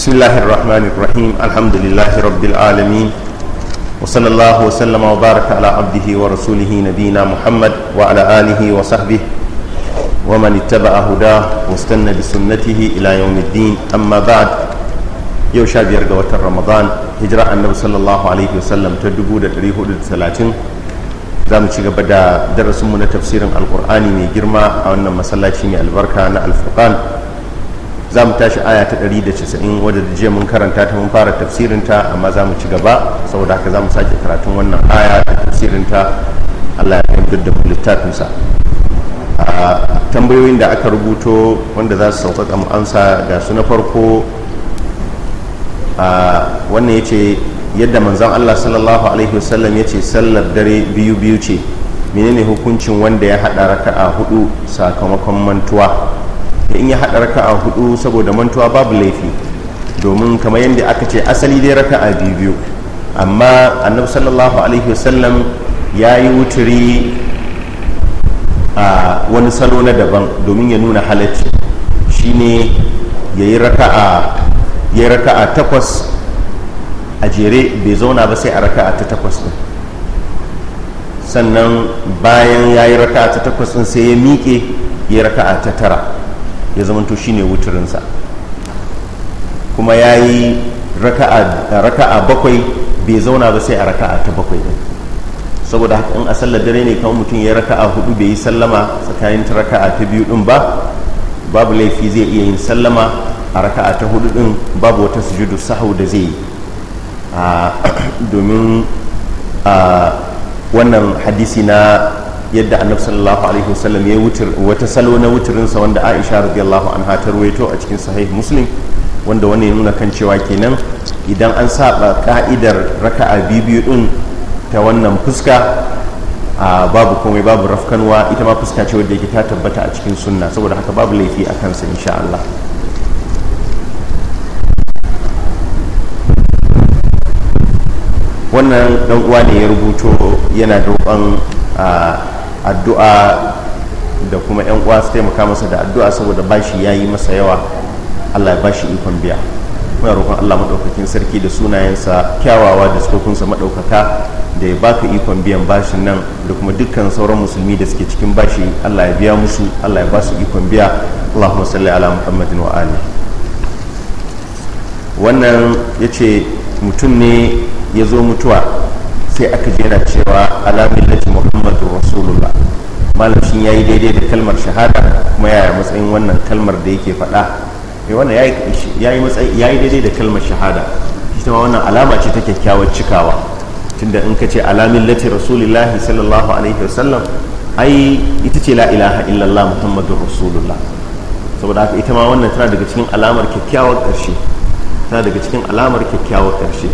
بسم الله الرحمن الرحيم الحمد لله رب العالمين وصلى الله وسلم وبارك على عبده ورسوله نبينا محمد وعلى آله وصحبه ومن اتبع هداه واستنى بسنته إلى يوم الدين أما بعد yau sha biyar ga watan ramadan hijira annabi sallallahu alaihi wasallam ta 1430 za mu ci gaba da mu na tafsirin alkur'ani mai girma a wannan masallaci mai albarka na alfurqan za mu tashi aya ta 190 wadda da jiya mun karanta ta mun fara tafsirinta amma za mu ci gaba saboda haka za mu sake karatun wannan aya ta tafsirinta allah ya duk da littafinsa a tambayoyin da aka rubuto wanda za su sauƙaƙa mu amsa ga su na farko a wannan ya ce yadda manzan allah sallallahu alaihi wasallam ya ce sallar dare biyu biyu ce menene hukuncin wanda ya haɗa raka'a hudu sakamakon mantuwa ta in ya haɗa raka'a hudu saboda mantuwa babu laifi domin kamar yadda aka ce asali dai raka'a biyu biyu amma annabi sallallahu alaihi wasallam ya yi wuturi a wani salo na daban domin ya nuna halacci shine ya yi raka'a takwas a jere bai zauna ba sai a raka'a ta takwas ɗin sannan bayan ya yi raka'a ta takwas ɗin sai ya miƙe ya yi raka'a ta tara ya to shine wuturinsa kuma ya yi raka'a bakwai bai zauna ba sai a raka'a ta bakwai ne saboda haka in a sallar dare ne kawai mutum ya raka'a hudu bai yi sallama tsakanin ta raka'a ta biyu din ba babu laifi zai iya yin sallama a raka'a ta hudu din babu wata sujudu sahu da zai yi ah, domin ah, wannan hadisi na yadda annabi sallallahu alaihi wasallam ya wutar wata salo na sa wanda aisha radiyallahu anha ta ruwaito a cikin sahih muslim wanda wani ya nuna kan cewa kenan idan an saba ka'idar raka'a biyu din ta wannan fuska babu komai babu rafkanwa ita ma fuska ce wadda yake ta tabbata a cikin sunna saboda haka babu laifi a kansa insha Allah wannan dan uwa ne ya rubuto yana roƙon addu'a da kuma 'yan uwa su taimaka masa da addu'a saboda bashi ya yi masa yawa allah ya bashi ikon biya kuma roƙon allah maɗaukakin sarki da sunayensa kyawawa da sukokunsa maɗaukaka da ya baka ikon biyan bashin nan da kuma dukkan sauran musulmi da suke cikin bashi allah ya biya musu allah ya ba su ikon biya allahumma salli ala muhammadin wa wannan ya ce mutum ne ya zo mutuwa sai aka jera cewa alamin muhammadu rasulullah malam shi ya yi daidai da kalmar shahada kuma ya yi matsayin wannan kalmar da yake faɗa mai eh, wannan ya yi daidai da kalmar shahada ita ma wannan alama ce ta kyakkyawar cikawa tunda in ka ce alamin lati rasulillahi sallallahu alaihi wasallam ai ita ce la ilaha illallah muhammadu rasulullah saboda haka ita ma wannan tana daga cikin alamar kyakkyawar ƙarshe tana daga cikin alamar kyakkyawar ƙarshe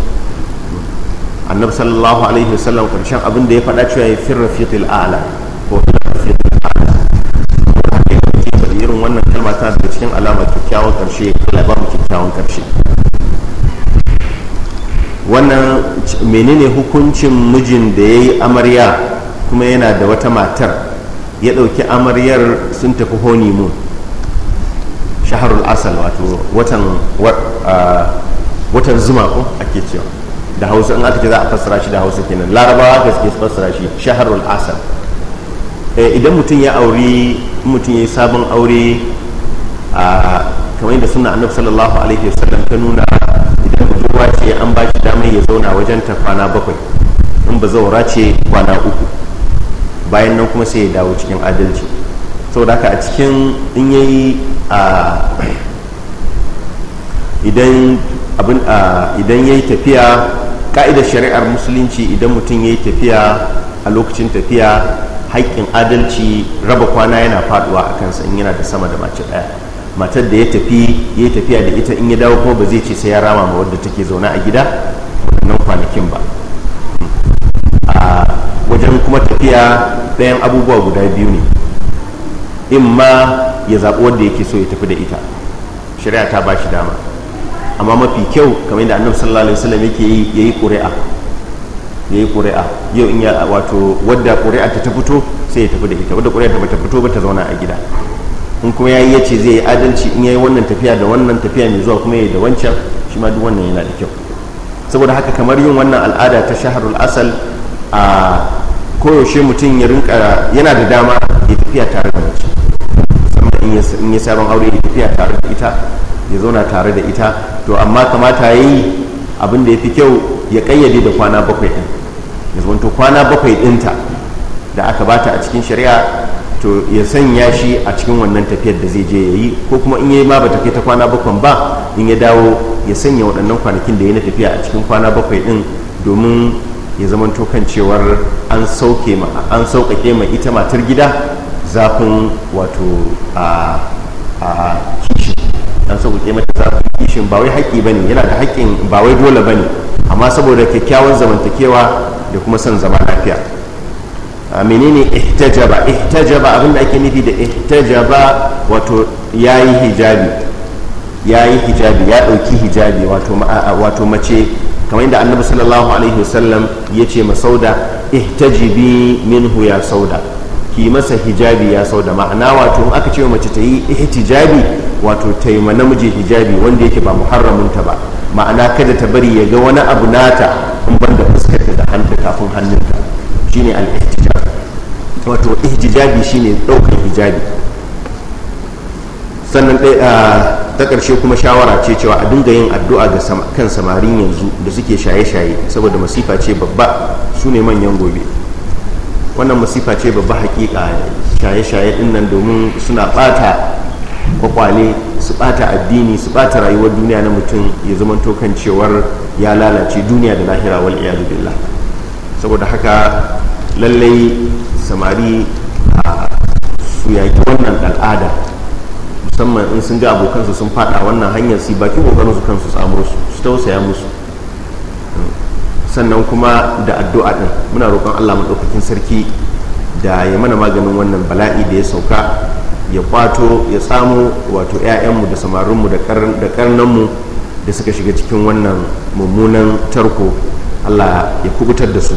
annabi sallallahu alaihi wasallam karshen abin da ya faɗa cewa ya fi rafiqil a'la ko rafiqil a'la ko irin wannan kalma ta da cikin alama kyakkyawan karshe Allah ba mu kyakkyawan karshe wannan menene hukuncin mijin da ya yi amarya kuma yana da wata matar ya ɗauki amaryar sun tafi honeymoon shaharul asal wato watan zuma ko ake cewa da hausa in aka ce za a fassara shi da hausa kenan larabawa ka suke fassara shi shaharul Asar. Eh, idan mutum ya aure mutum ya yi sabon aure a kamar yadda suna annabi sallallahu alaihi wasallam ta nuna idan budurwa ce an ba shi damar ya zauna wajen ta kwana bakwai in ba zaura ce kwana uku bayan nan kuma sai ya dawo cikin adalci saboda haka a cikin in ya yi a idan abin a idan yayi tafiya ka'idar shari'ar musulunci idan mutum ya yi tafiya a lokacin tafiya haƙƙin adalci raba kwana yana faduwa a kansa in yana da sama da mace ɗaya matar da ya tafi ya yi tafiya da ita in ya dawo kuma ba zai ce sai ya rama ma wadda take zaune a gida nan kwanakin ba a wajen kuma tafiya ɗayan abubuwa guda biyu ne in ma ya zaɓi wadda yake so ya tafi da ita shari'a ta ba shi dama amma mafi kyau kamar yadda annabi sallallahu alaihi wasallam yake yi yayi qur'a yayi qur'a yau in ya wato wadda qur'a ta fito sai ya tafi da ita wadda qur'a ta bata fito ba ta zauna a gida in kuma yayi yace zai yi adalci in yayi wannan tafiya da wannan tafiya mai zuwa kuma yayi da wancan shi ma duk wannan yana da kyau saboda haka kamar yin wannan al'ada ta shaharul asal a koyaushe mutum ya rinka yana da dama ya tafiya tare da mace musamman in ya sabon aure ya tafiya tare da ita ya zauna tare da ita to amma kamata ya yi abin da ya fi kyau ya kayyade da kwana bakwai ɗin ya zamanto kwana bakwai ɗinta da aka bata a cikin shari'a to ya sanya shi a cikin wannan tafiyar da zai je ya yi ko kuma in ya yi ma ba tafiya ta kwana bakwai ba in ya dawo ya sanya waɗannan kwanakin da ya na tafiya a cikin kwana bakwai ɗin domin ya zamanto kan cewar an sauke ma an sauƙaƙe ma ita matar gida zafin wato a an sauƙaƙe mata zafin kishin ba wai haƙƙi bane yana da haƙƙin ba wai dole bane amma saboda kyakkyawan zamantakewa da kuma son zama lafiya a menene ihtajaba ihtajaba da ake nufi da ihtajaba wato yayi hijabi yayi hijabi ya ɗauki hijabi wato mace kamar yadda annabi sallallahu alaihi wasallam ya ce masauda ihtajibi minhu ya sauda ki masa hijabi ya sau da ma'ana wato in aka ce wa mace ta yi ihtijabi wato ta yi namiji hijabi wanda yake ba muharramunta ba ma'ana kada ta bari ya ga wani abu nata in ban da fuskarta da hannu kafin hannunta shine al-ihtijab wato ihtijabi shine ɗaukar hijabi sannan ta ƙarshe kuma shawara ce cewa a dinga yin addu'a ga kan samarin yanzu da suke shaye-shaye saboda masifa ce babba su ne manyan gobe wannan masifa ce babba hakika shaye-shaye din nan domin suna bata kwakwale su bata addini su bata rayuwar duniya na mutum ya zama tokan cewar ya lalace duniya da lahira wal iyadu billah saboda haka lallai samari a su yaki wannan al'ada musamman in sun ga abokansu sun fada wannan hanyar su baki kokarin su kansu su su tausaya musu sannan kuma da addu'a din muna roƙon Allah maɗaukakin sarki da ya mana maganin wannan bala'i da ya sauka ya kwato ya samu wato 'ya'yanmu da samarinmu da karnanmu da suka shiga cikin wannan mummunan tarko Allah ya kubutar da su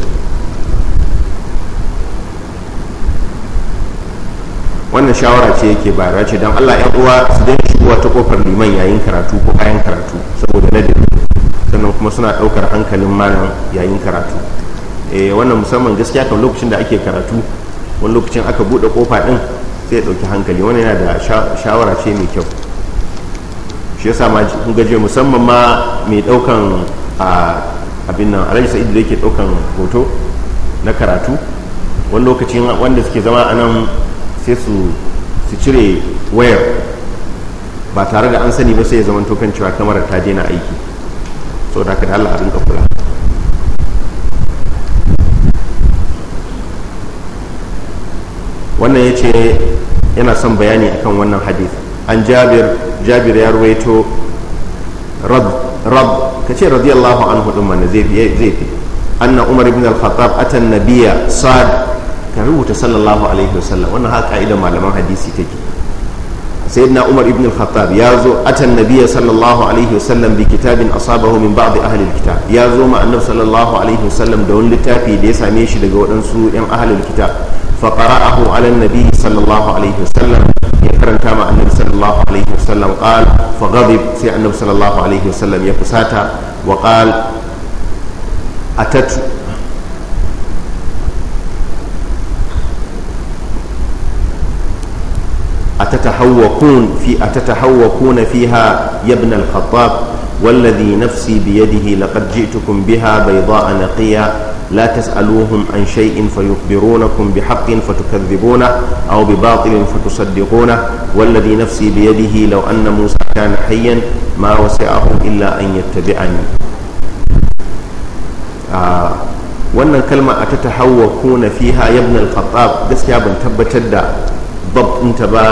wannan shawara ce yake bayarwa ce don Allah 'yan uwa su don shigowa ta kofar liman yayin karatu ko kayan karatu saboda ladabi sannan kuma suna ɗaukar hankalin malam yayin karatu eh, wannan musamman gaskiya kan lokacin da ake karatu wani lokacin aka buɗe kofa ɗin sai ya ɗauki hankali wani yana da shawara ce mai kyau shi yasa ma gaje musamman ma mai ɗaukan abin nan alhaji sa'idu da yake ɗaukan hoto na karatu wani lokacin wanda suke zama a nan sai su cire wayar ba tare da an sani ba sai ya zama tokan cewa kamarar ta daina aiki so da ka da Allah a kula wannan ya ce yana son bayani akan wannan hadith an jabir jabir ya ruwaito rab rab ka ce radiyallahu anhu din mana zai zai fi anna umar ibn al-khattab atan nabiyya sad ka rubuta sallallahu alaihi wasallam wannan haka ka'idar malaman hadisi take sayyidina umar ibn al ya zo atan nabiyya sallallahu alaihi wasallam bi kitabin asabahu min ba'd ahli al-kitab ya zo ma annabi sallallahu alaihi wasallam da wani littafi da ya same shi daga waɗansu yan ahli al-kitab fa qara'ahu ala an-nabi sallallahu alaihi wasallam ya karanta ma annabi sallallahu alaihi wasallam qal fa ghadib sai annab alaihi ya fusata wa atatu أتتحوكون في أتتحوكون فيها يا ابن الخطاب والذي نفسي بيده لقد جئتكم بها بيضاء نقية لا تسألوهم عن شيء فيخبرونكم بحق فتكذبونه أو بباطل فتصدقونه والذي نفسي بيده لو أن موسى كان حيا ما وسعه إلا أن يتبعني آه wannan kalma a ta tahawwa kuna fiha yabnal khattab gaskiya ban tabbatar da bab ba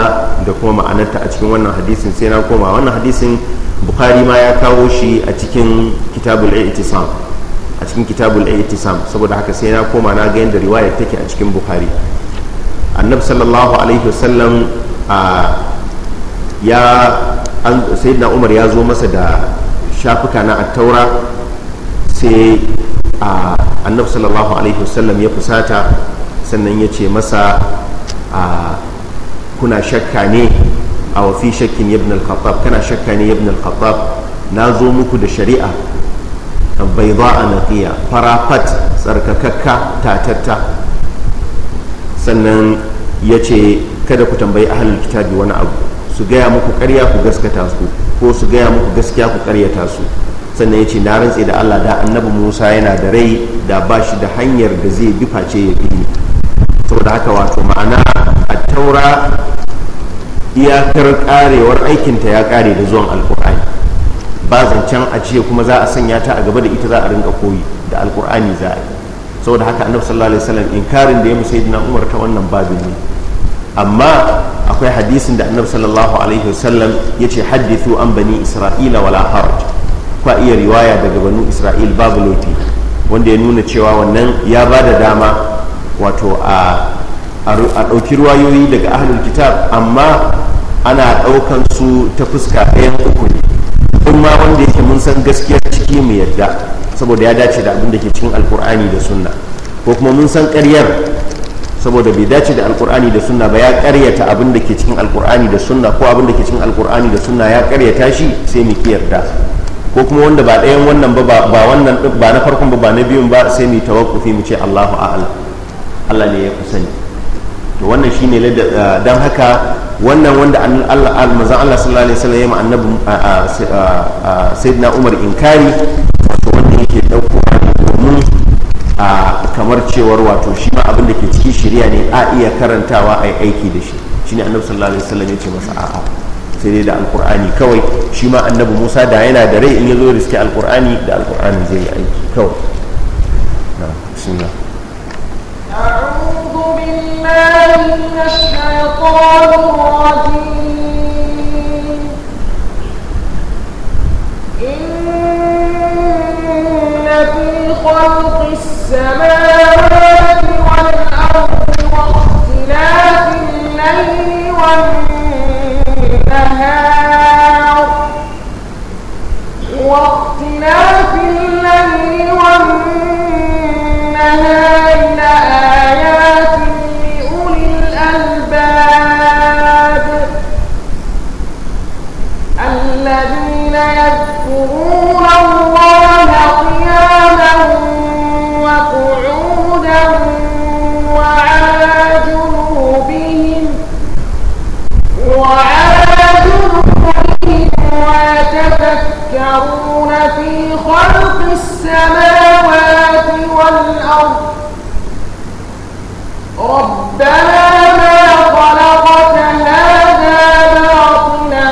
da kuma ma'anarta a cikin wannan hadisin sai na koma wannan hadisin bukari ma ya kawo shi a cikin kitabul i'tisam a cikin kitabul i'tisam saboda haka sai na koma na ga yadda riwayar take a cikin bukari annab sallallahu alaihi wasallam ya an sayyidina umar ya zo masa da shafuka na attaura sai annab sallallahu alaihi wasallam ya fusata sannan ya ce masa a kuna shakka ne a wafi shakkin yabin al kana shakka ne yabin al na zo muku da shari'a bai ba a naƙiya farafat tsarkakakka tatatta sannan ya ce kada ku tambayi ahalin kitabi wani abu su gaya muku karya ku gaskata su ko su gaya muku gaskiya ku karyata su sannan ya ce na rantse da allah da annabi musa yana da rai da ba shi da hanyar da zai bi face ya bi saboda haka wato ma'ana a taura iyakar karewar aikinta ya kare da zuwan alkur'ani ba zancen a ce kuma za a sanya ta a gaba da ita za a rinka koyi da alkur'ani za a yi saboda haka annabi sallallahu alaihi wasallam inkarin da ya musa yi umar ta wannan babin ne amma akwai hadisin da annabi sallallahu alaihi wasallam ya ce hadithu an bani isra'ila wala haraj kwa iya riwaya daga banu isra'il babu laifi wanda ya nuna cewa wannan ya ba da dama wato a ɗauki ruwayoyi daga ahlul kitab amma ana ɗaukan su ta fuska ɗayan uku ne in ma wanda yake mun san gaskiyar ciki mu yadda saboda ya dace da abin da ke cikin alkur'ani da sunna ko kuma mun san ƙaryar saboda bai dace da alkur'ani da sunna ba ya karyata abin da ke cikin alkur'ani da sunna ko abin da ke cikin alkur'ani da sunna ya karyata shi sai mu ki yarda ko kuma wanda ba ɗayan wannan ba ba wannan ba na farkon ba ba na biyun ba sai mu tawakkufi mu ce Allahu a'lam Allah ne ya fi sani to wannan shi ne don haka wannan wanda mazan Allah sallallahu alaihi wasallam ya ma annabi sayyidina Umar inkari wato wanda yake dauko domin kamar cewar wato shi ma abin da ke ciki shirya ne a iya karantawa a aiki da shi shine annabi sallallahu alaihi wasallam ya ce masa a'a sai dai da alkur'ani kawai shi ma annabi musa da yana da rai in ya zo riske alkur'ani da alkur'ani zai yi aiki kawai na bismillah إن في خلق السماوات والأرض واختلاف الليل والنهار واختلاف الليل والنهار لآيات السماوات والأرض ربنا ما خلقت هذا باطلا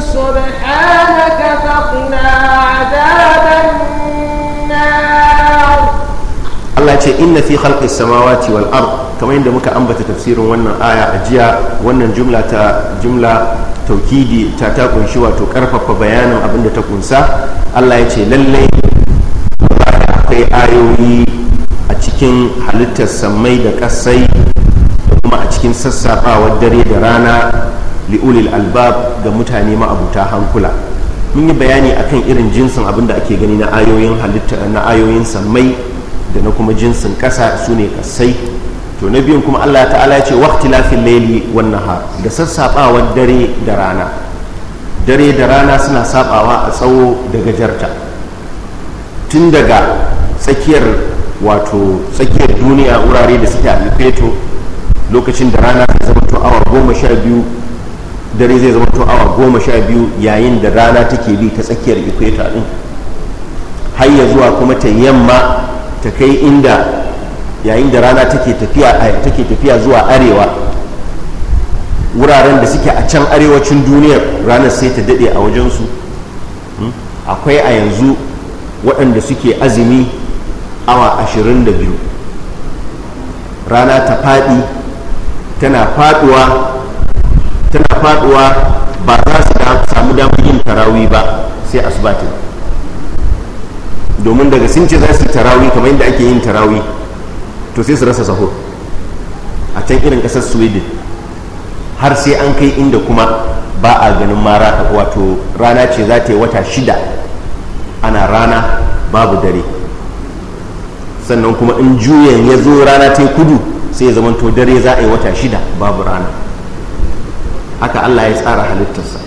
سبحانك فقنا عذاب muka ambata tafsirin wannan aya a jiya wannan jumla ta jumla taukidi ta ta kunshi wato karfafa bayanin abin da ta kunsa Allah ya ce lallai akwai ayoyi a cikin halittar samai da kasai da kuma a cikin sassafawar dare da rana li'ulil albab ga mutane ma'abuta hankula mun yi bayani akan irin jinsin abin da ake gani na ayoyin halitta na ayoyin samai da na kuma jinsin ƙasa su ne kasai to na biyun kuma allah ta'ala ya ce lafin laili wannan ha da sassafawar dare da rana dare da rana suna sabawa a tsawo da gajarta tun daga tsakiyar wato tsakiyar duniya wurare da suke a lokacin da rana ta zama to awa goma sha biyu dare zai zama to awa goma sha biyu yayin da rana take bi ta tsakiyar ikweta din har ya zuwa kuma ta yamma ta kai inda yayin da rana take tafiya zuwa arewa wuraren da suke a can arewacin duniya ranar sai ta dade a wajensu hmm? akwai a yanzu waɗanda suke azumi awa 22 rana ta faɗi tana faɗuwa tana faɗuwa ba za su samu damar yin tarawi ba sai asubatin domin daga sun ce za su tarawi kamar yadda ake yin tarawi to sai su rasa sahu a can irin ƙasar sweden har sai an kai inda kuma ba a ganin mara wato rana ce za ta yi wata shida ana rana babu dare sannan kuma in juyen ya zo rana ta kudu sai ya zamanto dare za a yi wata shida babu rana haka allah ya tsara halittarsa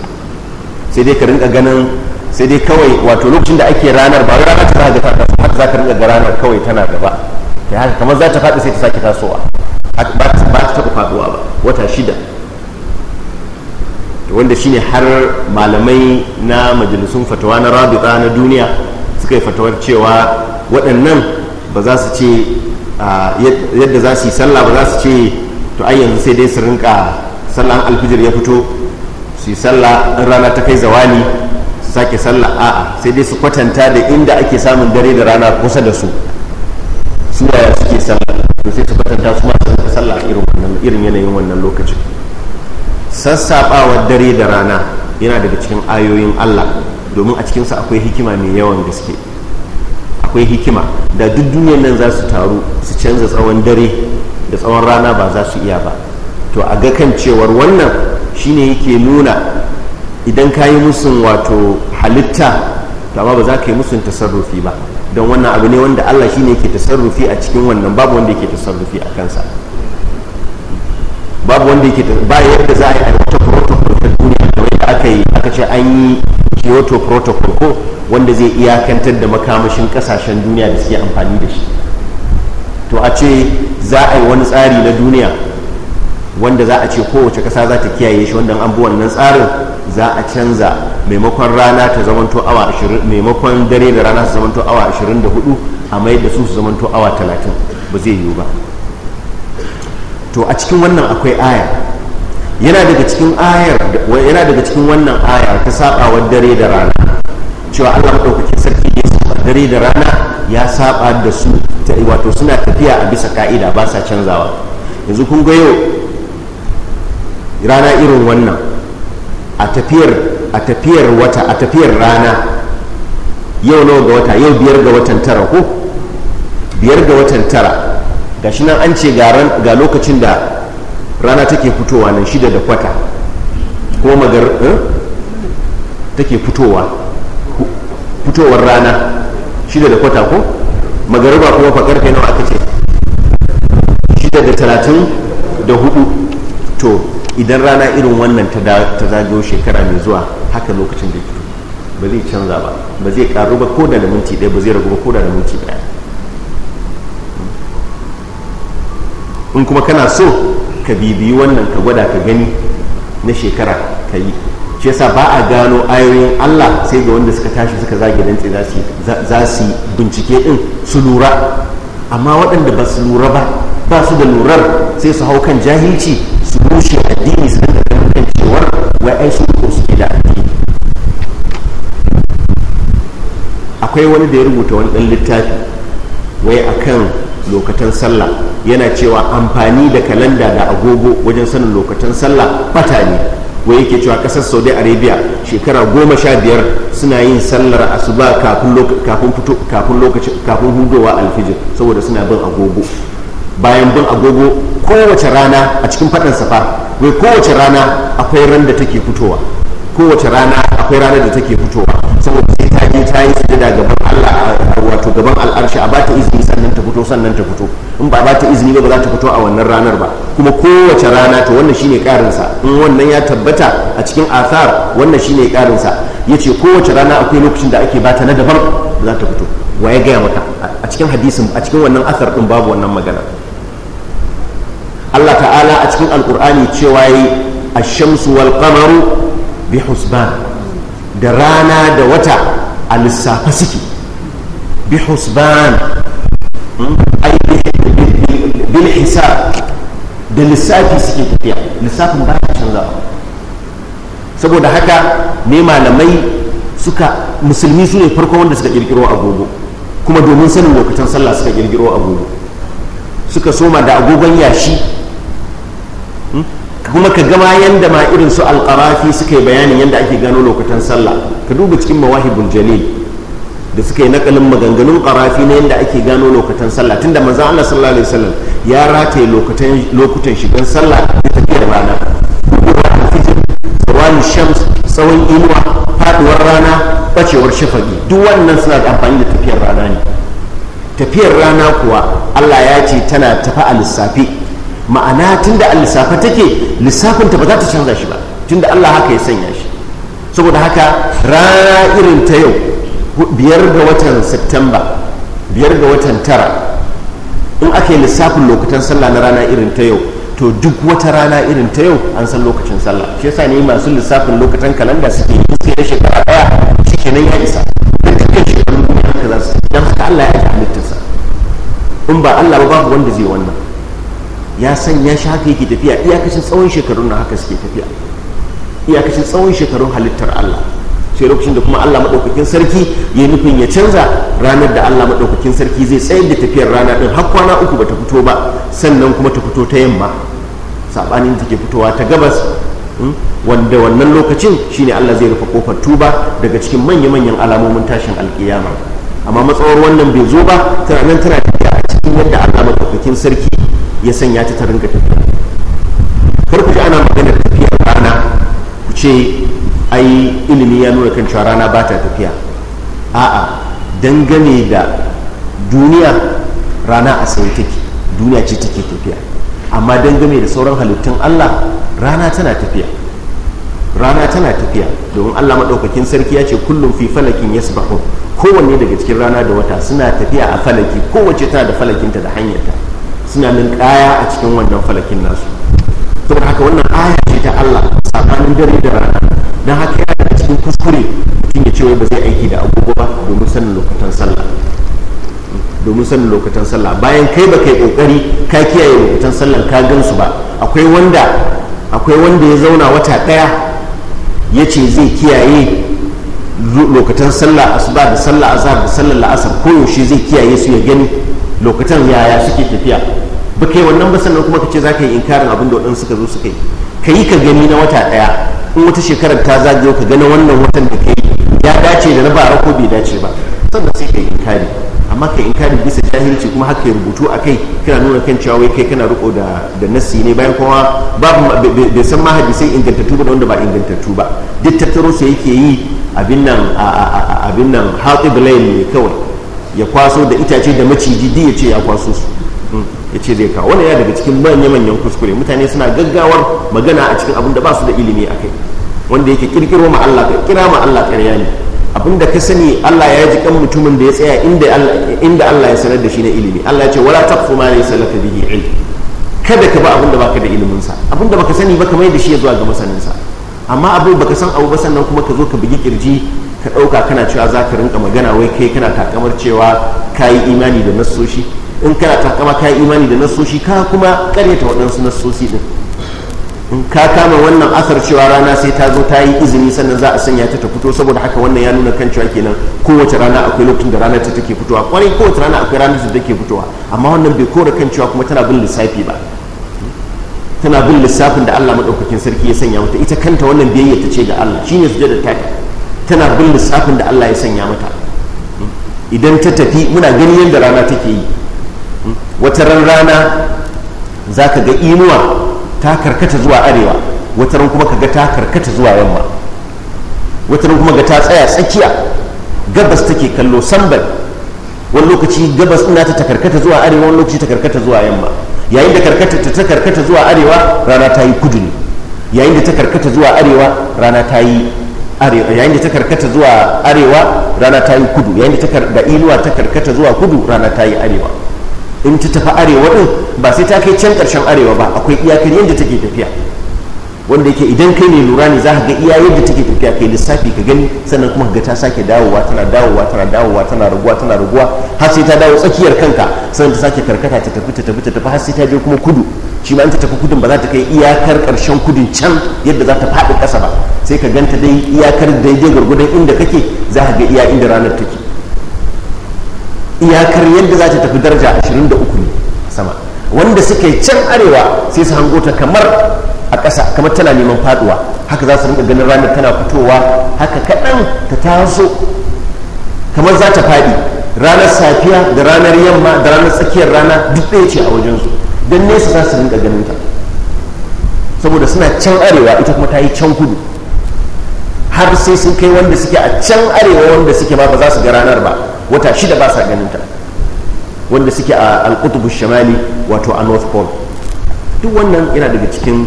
sai dai ka rinka ganin sai dai kawai wato lokacin da ake ranar ba rana ta zaga ta haka za ka rinka ga ranar kawai tana gaba ta haka kamar za ta faɗi sai ta sake tasowa ba ta taɓa faɗuwa ba wata shida wanda shine har malamai na majalisun fatawa na rabita na duniya suka yi fatawar cewa waɗannan ba za su ce yadda za su yi sallah ba za su ce to ai yanzu sai dai su rinka sallah alfijir ya fito su yi sallah in rana ta kai zawali su sake sallah a'a sai dai su kwatanta da inda ake samun dare da rana kusa da su su yaya suke sallah to sai su kwatanta su ma rinka sallah irin yanayin wannan lokacin sassaɓawar dare da rana yana daga cikin ayoyin allah domin a cikinsa akwai hikima mai yawan gaske akwai hikima da duk duniyar nan za su taru su canza tsawon dare da tsawon rana ba za su iya ba to a ga kan cewar wannan shine yake nuna idan ka yi musun wato halitta to amma ba za ka yi musun tasarrufi ba don wannan abu ne wanda allah shine yake tasarrufi a cikin wannan babu wanda yake tasarrufi a kansa babu wanda yake ba yadda za a yi wata protocol ta duniya da aka yi aka ce an yi kyoto protocol ko wanda zai iyakantar da makamashin kasashen duniya da suke amfani da shi to a ce za a yi wani tsari na duniya wanda za a ce kowace ƙasa za ta kiyaye shi wanda an bi wannan tsarin za a canza maimakon rana ta zamanto awa 20 maimakon dare da rana su zamanto awa 24 a mai da su su zamanto awa 30 ba zai yiwu ba to a cikin wannan akwai aya yana daga cikin wannan aya ta wa dare da rana cewa Allah madaukakin sarki ya saba dare da rana ya saba da su wato suna tafiya a bisa ka'ida ba sa canzawa yanzu kun ga yau rana irin wannan a tafiyar a tafiyar wata a tafiyar rana yau nawa ga wata yau biyar ga watan tara ko biyar ga watan tara gashi nan an ce ga lokacin da rana take fitowa nan shida da kwata kuma magar eh? take fitowa fitowar rana shida da kwata ko magariba kuma fakar kai nawa aka ce shida da talatin da hudu to idan rana irin wannan ta zagayo shekara mai zuwa haka lokacin da fito ba zai canza ba ba zai karu ba ko da da minti ɗaya ba zai ragu ba ko da da minti ɗaya in kuma kana so ka bibiyi wannan ka gwada ka gani na shekara ka yi shi yasa ba a gano ayoyin Allah sai ga wanda suka tashi suka zage dantse za su bincike din su lura amma waɗanda ba su lura ba ba su da lurar sai su hau kan jahilci su rushe addini su da kan cewar wa ai su ko su da addini akwai wani da ya rubuta wani ɗan littafi wai akan lokacin sallah yana cewa amfani da kalanda da agogo wajen sanin lokacin sallah fata ne wai yake cewa kasar saudi arabia shekara goma sha biyar suna yin sallar asuba kafin hudowa alfijir saboda suna bin agogo bayan bin agogo kowace rana a cikin faɗin safa wai kowace rana akwai ran da take fitowa kowace rana akwai rana da take fitowa saboda sai in ta yi sujada gaban Allah wato gaban al'arshi a bata izini sannan ta fito sannan ta fito in ba bata izini ba za ta fito a wannan ranar ba kuma kowace rana to wannan shine karin sa in wannan ya tabbata a cikin athar wannan shine karin sa yace kowace rana akwai lokacin da ake bata na daban za ta fito wa ya gaya maka a cikin hadisin a cikin wannan athar din babu wannan magana Allah ta'ala a cikin alqur'ani cewa yi ash-shamsu wal qamaru bi husban da rana da wata a lissafa suke bi husban hmm, bil hisab da lissafi suke tafiya lissafin ba ta canza saboda haka ne malamai suka musulmi su ne farko wanda suka kirkiro agogo kuma domin sanin lokacin sallah suka kirkiro agogo suka soma da agogon yashi kuma ka gama yanda ma irin su alƙarafi suka yi bayanin yadda ake gano lokutan sallah ka duba cikin mawahibul jalil da suka yi nakalin maganganun ƙarafi na yadda ake gano lokutan sallah tunda maza Allah sallallahu alaihi wasallam ya rataye lokutan lokutan shigan sallah da tafiyar rana tsawon shams tsawon inuwa faduwar rana bacewar shafaɗi duk wannan suna da amfani da tafiyar rana ne tafiyar rana kuwa Allah ya ce tana tafi a lissafi ma'ana tunda a lissafa take lissafinta ba za ta canza shi ba tun da Allah haka ya sanya shi saboda haka rana irin ta yau biyar ga watan Septemba biyar ga watan tara in aka yi lissafin lokutan sallah na rana irin ta yau to duk wata rana irin ta yau an san lokacin sallah shi yasa ne masu lissafin lokutan kalanda suke yi sai da shekara daya shi nan ya isa duk dukkan shekaru ne haka za su dan haka Allah ya ji halittarsa in ba Allah ba babu wanda zai wannan ya sanya shi haka yake tafiya iyakacin tsawon shekarun na haka suke tafiya iyakacin tsawon shekarun halittar Allah sai lokacin da kuma Allah maɗaukakin sarki ya nufin ya canza ranar da Allah maɗaukakin sarki zai tsayar da tafiyar rana ɗin har kwana uku ba ta fito ba sannan kuma ta fito ta yamma saɓanin take fitowa ta gabas hmm, wanda wannan lokacin shine Allah zai rufe kofar tuba daga cikin manya-manyan alamomin tashin alƙiyama amma matsawar wannan bai zo ba tana nan tana tafiya a cikin yadda Allah maɗaukakin sarki ya sanya ta ta ringa tafiya kar ku ji ana maganar tafiyar rana ku ce ai ilimi ya nuna kan cewa rana ba ta tafiya a'a dangane da duniya rana a sauye take duniya ce take tafiya amma dangane da sauran halittun allah rana tana tafiya rana tana tafiya domin allah maɗaukakin sarki ya ce kullum fi falakin yasbahun kowanne daga cikin rana da wata suna tafiya a falaki kowace tana da falakinta da hanyarta suna nan kaya a cikin wannan falakin nasu saboda haka wannan aya ce ta Allah sakanin dare da rana dan haka yana da cikin kuskure mutum ya ce ba zai aiki da agogo ba domin sanin lokutan sallah domin sanin lokutan sallah bayan kai ba kai kokari ka kiyaye lokutan sallah ka gansu ba akwai wanda akwai wanda ya zauna wata daya ya ce zai kiyaye lokutan sallah asuba da sallah azhar da sallah la'asar koyaushe zai kiyaye su ya gani lokutan yaya suke tafiya ba kai wannan ba sannan kuma ka ce za ka yi inkarin abin da waɗansu suka zo suka yi ka yi ka gani na wata ɗaya in wata shekarar ta zagayo ka gani wannan watan da ka yi ya dace da na bara ko bai dace ba sannan sai ka yi inkari amma ka yi inkari bisa jahilci kuma haka ya rubutu a kai kana nuna kan cewa wai kai kana riko da da nasi ne bayan kuma babu bai san ma sai ingantattu ba da wanda ba ingantattu ba duk tattaro sai yake yi abin nan abin nan hatsi ne kawai ya kwaso da itace da maciji duk ya ce ya kwaso su hmm. ya ce zai kawo wani ya daga cikin manya-manyan kuskure mutane suna gaggawar magana a cikin abin da ba su da ilimi a kai wanda yake kirkiro ma Allah ka kira ma Allah ƙarya ne abin da ka sani Allah ya ji kan mutumin da ya tsaya inda Allah ya sanar da shi na ilimi Allah ya ce wala taqfu ma laysa laka bihi ilm kada ka ba abin da baka da ilimin sa abin da baka sani ba ka mai da shi zuwa ga masanin sa amma abu baka san abu ba sannan kuma ka zo ka bugi kirji ka dauka kana cewa za ka rinka magana wai kai kana takamar cewa kayi imani da nassoshi in kana takama ka imani da nasoshi ka kuma karyata waɗansu nasoshi din in ka kama wannan asar cewa rana sai ta zo ta yi izini sannan za a sanya ta ta fito saboda haka wannan ya nuna kan cewa kenan kowace rana akwai lokacin da rana ta take fitowa kwarai kowace rana akwai ranar da take fitowa amma wannan bai kora kan cewa kuma tana bin lissafi ba tana bin lissafin da Allah madaukakin sarki ya sanya mata ita kanta wannan biyayya ta ce ga Allah shine sujada ta tana bin lissafin da Allah ya sanya mata idan ta tafi muna gani yadda rana take yi wata ran rana za ka ga inuwa ta karkata zuwa arewa wata ran kuma ka ga ta karkata zuwa yamma wata ran kuma ga ta tsaya tsakiya gabas take kallo sambal wani lokaci gabas ina ta karkata zuwa arewa wani lokaci ta karkata zuwa yamma yayin da karkata ta karkata zuwa arewa rana ta yi kudu ne yayin da ta karkata zuwa arewa rana ta yi yayin da ta karkata zuwa arewa rana ta yi kudu yayin da inuwa ta karkata zuwa kudu rana ta yi arewa in ta tafi arewa din ba sai ta kai can karshen arewa ba akwai iyakar yadda take tafiya wanda yake idan kai ne lura ne za ka ga iya yadda take tafiya kai lissafi ka gani sannan kuma ga ta sake dawowa tana dawowa tana dawowa tana raguwa tana raguwa har sai ta dawo tsakiyar kanka sannan ta sake karkata ta tafi ta tafi ta tafi har sai ta je kuma kudu shi ma in ta tafi kudun ba za ta kai iyakar karshen kudin can yadda za ta faɗi ƙasa ba sai ka ganta dai iyakar daidai gwargwadon inda kake za ka ga iya inda ranar take iyakar yadda za ta tafi daraja 23 ne sama wanda suke can arewa sai su hango ta kamar a ƙasa kamar tana neman faduwa haka za su rinka ganin ranar tana fitowa haka kaɗan ta taso kamar za ta faɗi ranar safiya da ranar yamma da ranar tsakiyar rana duk ɗaya ce a wajensu don nesa za su rinka ganin ta saboda suna can arewa ita kuma ta yi can kudu har sai sun kai wanda suke a can arewa wanda suke ba ba za su ga ranar ba wata shida ba sa ganin ta wanda suke a alkutubu shamali wato a north pole duk wannan yana daga cikin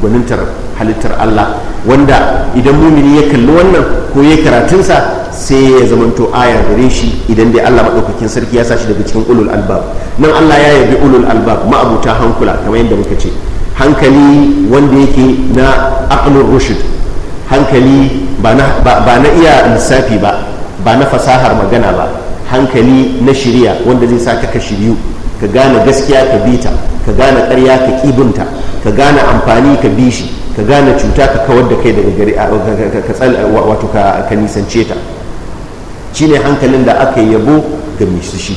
gwanintar halittar allah wanda idan mumini ya kalli wannan ko ya karatunsa sai ya zamanto aya gare shi idan dai allah maɗaukakin sarki ya sa shi daga cikin ulul albab nan allah ya yabi ulul albab ma'abuta hankula kamar yadda muka ce hankali wanda yake na aqlul rushd hankali ba na iya lissafi ba ba na fasahar magana ba hankali na shirya wanda zai sa ka shiryu ka gane gaskiya ka bi ta ka gane ƙarya ka ƙibinta ka gane amfani ka bi shi ka gane cuta ka kawar da kai daga gari wato ka nisance ta shine hankalin da aka yabo ga shi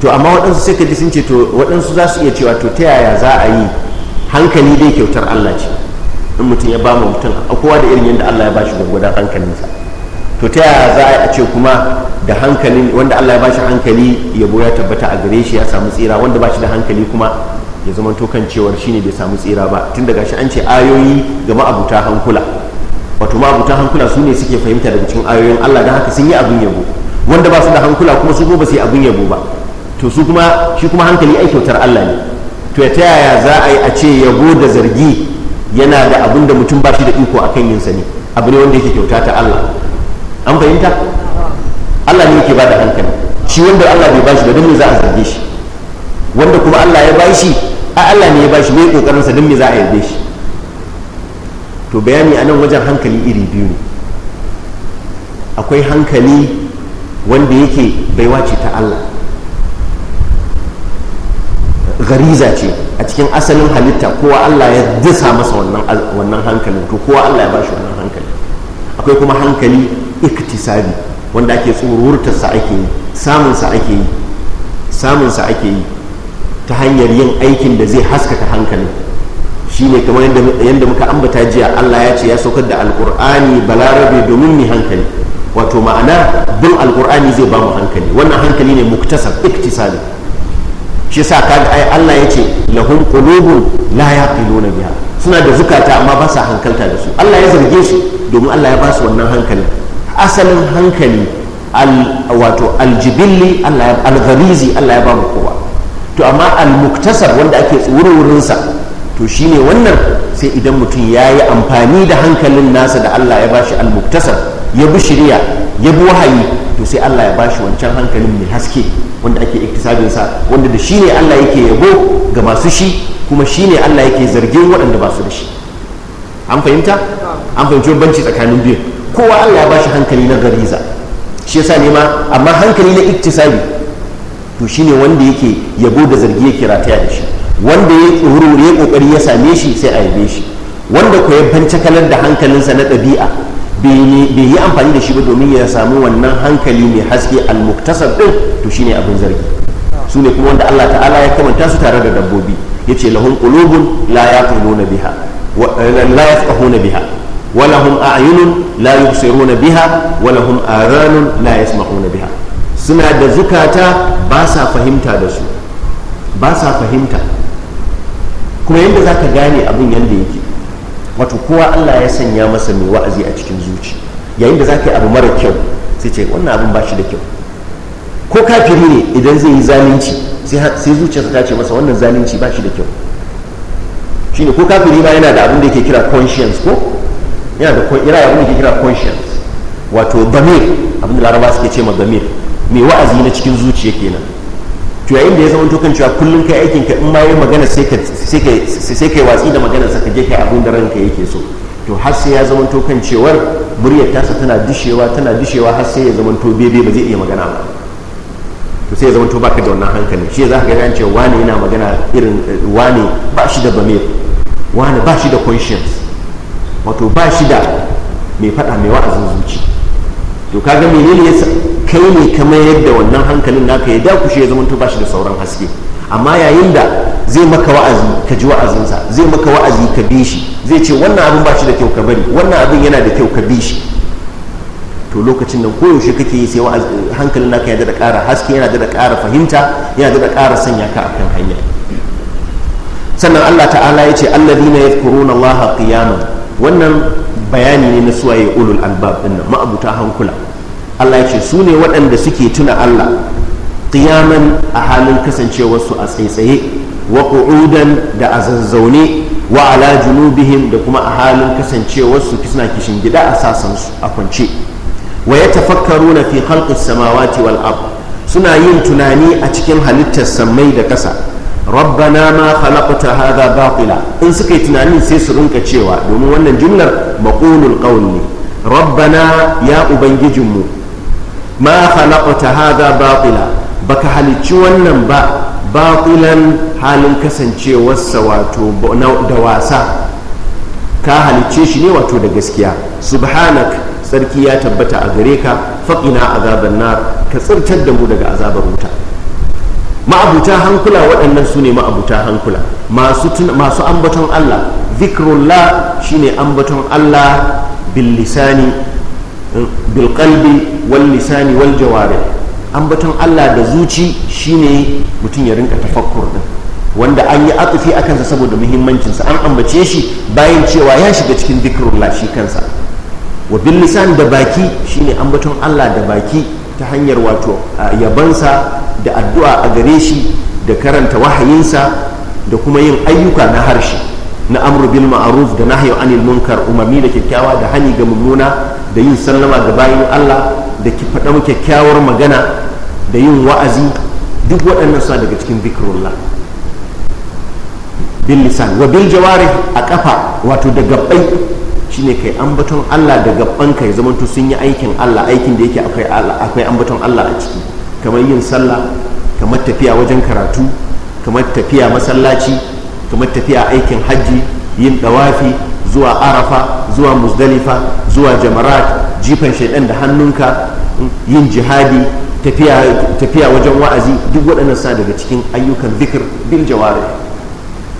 to amma waɗansu sai ka ji sun ce to waɗansu za su iya cewa to ta yaya za a yi hankali dai kyautar allah ce in mutum ya ba mutum kowa da irin yadda allah ya ba shi gwagwada hankalinsa to ta yaya za a ce kuma da hankali wanda Allah ya bashi hankali yabo ya tabbata a gare shi ya samu tsira wanda bashi da hankali kuma ya zama to kan cewar shine bai samu tsira ba tun daga shi an ce ayoyi ga ma'abuta hankula wato ma'abuta hankula su suke fahimta daga cikin ayoyin Allah don haka sun yi abin yabo wanda ba su da hankula kuma su ba su yi abin yabo ba to su kuma shi kuma hankali ai kyautar Allah ne to ta yaya za a yi a ce yabo da zargi yana da abin da mutum ba shi da iko akan yin sa ne abu ne wanda yake kyauta ta Allah an fahimta Allah ne yake ba da hankali shi wanda Allah bai bashi ba don me za a zarge shi wanda kuma Allah ya bashi a Allah ne ya bashi mai kokarin sa don me za a yarda shi to bayani a nan wajen hankali iri biyu ne akwai hankali wanda yake baiwa ce ta Allah gariza ce a cikin asalin halitta kowa Allah ya dusa masa wannan hankalin to kowa Allah ya bashi wannan hankali akwai kuma hankali iktisabi wanda ake sa ake yi samunsa ake yi samunsa ake yi ta hanyar yin aikin da zai haskaka hankali shi ne kamar yadda muka ambata jiya allah ya ce ya saukar da alkur'ani balarabe domin mai hankali wato ma'ana bin alkur'ani zai ba mu hankali wannan hankali ne muktasab iktisabi shi sa ga ai allah ya ce lahun kulubun la yaqiluna biya suna da zukata amma ba sa hankalta da su allah ya zarge su domin allah ya ba su wannan hankali. asalin hankali wato aljibilli algharizi allah ya ba mu kowa to amma almuktasar wanda ake wurinsa to shine wannan sai idan mutum ya yi amfani da hankalin nasa da allah ya bashi almuktasar ya bi shirya ya bi wahayi to sai allah ya bashi wancan hankalin mai haske wanda ake iktisabinsa wanda da shi ne allah yake yabo ga masu shi kuma shine ne allah yake zargin waɗanda ba su da shi an fahimta an fahimci banci tsakanin biyu kowa allah ya bashi hankali na gariza shi yasa nema amma hankali na iktisabi to shine wanda yake yabo da zargi yake rataya da shi wanda ya tsoro ya kokari ya same shi sai a yabe shi wanda ko ya kalar da hankalinsa na ɗabi'a bai yi amfani da shi ba domin ya samu wannan hankali mai haske almuktasar din to shine abin zargi su ne kuma wanda Allah ta'ala ya kamanta su tare da dabbobi ya ce qulubun la yaquluna biha wa la yafqahuna biha walahum a'yunun la yubsiruna biha walahum adhanun la yasma'una biha suna da zukata ba sa fahimta da su ba sa fahimta kuma yadda za ka gane abin yadda yake wato kowa allah ya sanya masa mai wa'azi a cikin zuci yayin da za ka yi abu mara kyau sai ce wannan abin ba shi da kyau ko kafiri ne idan zai yi zalunci sai zuciyarsa ta ce masa wannan zalunci ba shi da kyau shine ko kafiri ma yana da abin da yake kira conscience ko yana da yana da abin da kira conscience wato damir abin da laraba suke ce ma damir mai wa'azi na cikin zuciya kenan to yayin da ya zama tokan cewa kullum kai aikin ka in ma yi magana sai ka watsi da magana sa ka je kai abin da ranka yake so to har sai ya zama tokan cewar muryar tasa tana dishewa tana dishewa har sai ya zama to bebe ba zai iya magana ba to sai ya zama to baka da wannan hankali shi za ka ga an ce wani yana magana irin wani ba shi da bamir wani ba shi da conscience wato ba shi da mai faɗa mai wa'azin zuci to kaga menene yasa kai ne kamar yadda wannan hankalin naka ya dakushe ya zamanto ba shi da sauran haske amma yayin da zai maka wa'azi ka ji wa'azinsa zai maka wa'azi ka bi shi zai ce wannan abin ba shi da kyau ka bari wannan abin yana da kyau ka bi shi to lokacin nan koyaushe kake yi sai hankalin naka ya da ƙara haske yana da ƙara fahimta yana da ƙara sanya ka akan hanya sannan Allah ta'ala ya ce allazina yadhkuruna Allah qiyaman wannan bayani ne na suwaye ulul albab din nan ma'abuta hankula Allah ya ce su ne waɗanda suke tuna Allah qiyaman a halin kasancewarsu a tsaitsaye wa qu'udan da a zazzaune wa ala junubihim da kuma a halin kasancewarsu kisna kishin gida a sasan su a kwance wa yatafakkaruna fi khalqis samawati wal ard suna yin tunani a cikin halittar samai da ƙasa rabbana ma khalaqta hadha batila in suka yi tunanin sai su rinka cewa domin wannan jumlar maqulul qawl ne rabbana ya ubangijinmu ma khalaqta hadha batila baka halicci wannan ba batilan halin kasancewarsa wato da wasa ka halicce shi ne wato da gaskiya subhanak sarki ya tabbata a gare ka faƙina azaban nar ka tsirtar da mu daga azabar wuta ma'abuta hankula waɗannan su ne ma'abuta hankula masu ambaton allah zikrullah shine ambaton allah bil lisani eh, bil qalbi wal lisani wal jawari ambaton allah da zuci shine mutum ya rinka tafakkur din wanda an yi atufi a kansa saboda muhimmancinsa an ambace shi bayan cewa ya shiga cikin zikrullah shi kansa wa bil lisani da baki shine ambaton allah da baki ta hanyar wato yabansa da addu'a a gare shi da karanta wahayinsa da kuma yin ayyuka na harshe na amru bil ma'ruf da nahyi anil munkar umarni da kyakkyawa da hani ga mummuna da yin sallama ga bayin Allah da ki faɗa kyakkyawar magana da yin wa'azi duk waɗannan suna daga cikin zikrullah bil lisan wa bil jawarih a kafa wato da gabbai shine kai ambaton Allah da gabanka ya zamanto sun yi aikin Allah aikin da yake akwai akwai ambaton Allah a ciki kamar yin sallah kamar tafiya wajen karatu kamar tafiya masallaci kamar tafiya aikin hajji yin dawafi zuwa arafa zuwa muzdalifa zuwa jamarat jifan shaidan da hannunka yin jihadi tafiya wajen wa'azi duk waɗannan sa daga cikin ayyukan zikir bil jawari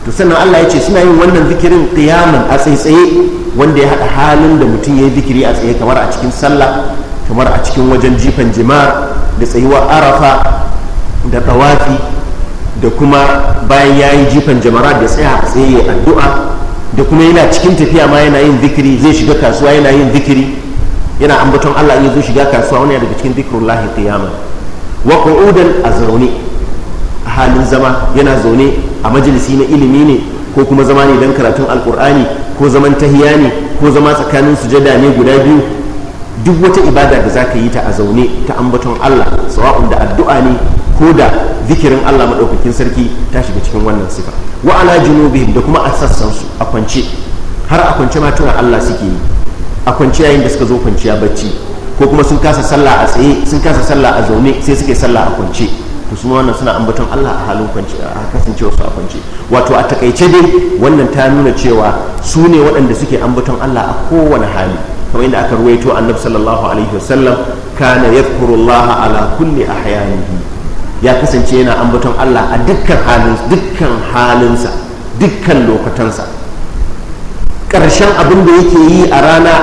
to sannan Allah ya ce suna yin wannan zikirin qiyaman a tsaitsaye wanda ya haɗa halin da mutum ya yi zikiri a tsaye kamar a cikin sallah kamar a cikin wajen jifan jima'a da tsayuwar arafa da ɗawafi da kuma bayan ya yi jifan jama'a da tsaya a tsaye addu'a da kuma yana cikin tafiya ma yana yin zikiri zai shiga kasuwa yana yin zikiri yana ambaton Allah ya zo shiga kasuwa wani daga cikin zikrullahi qiyama wa qu'udan a zaune a halin zama yana zaune a majalisi na ilimi ne ko kuma zama ne don karatun alkur'ani ko zaman tahiya ne ko zama tsakanin sujada ne guda biyu duk wata ibada da za ka yi ta a zaune ta ambaton allah sawa'un da addu'a ne ko da zikirin allah maɗaukakin sarki ta shiga cikin wannan sifa wa ala junubihim da kuma a sassan su a kwance har a kwance ma tuna allah suke yi a kwance yayin da suka zo kwanciya bacci ko kuma sun kasa sallah a tsaye sun kasa sallah a zaune sai suke sallah a kwance to su wannan suna ambaton Allah a halin kwanci a kasancewa su a kwance wato a takaice dai wannan ta nuna cewa su ne waɗanda suke ambaton Allah a kowane hali kamar inda aka ruwaito annabi sallallahu alaihi wasallam kana yadhkurullaha ala kulli ahyanihi ya kasance yana ambaton Allah a dukkan halin dukkan halinsa dukkan sa ƙarshen abin da yake yi a rana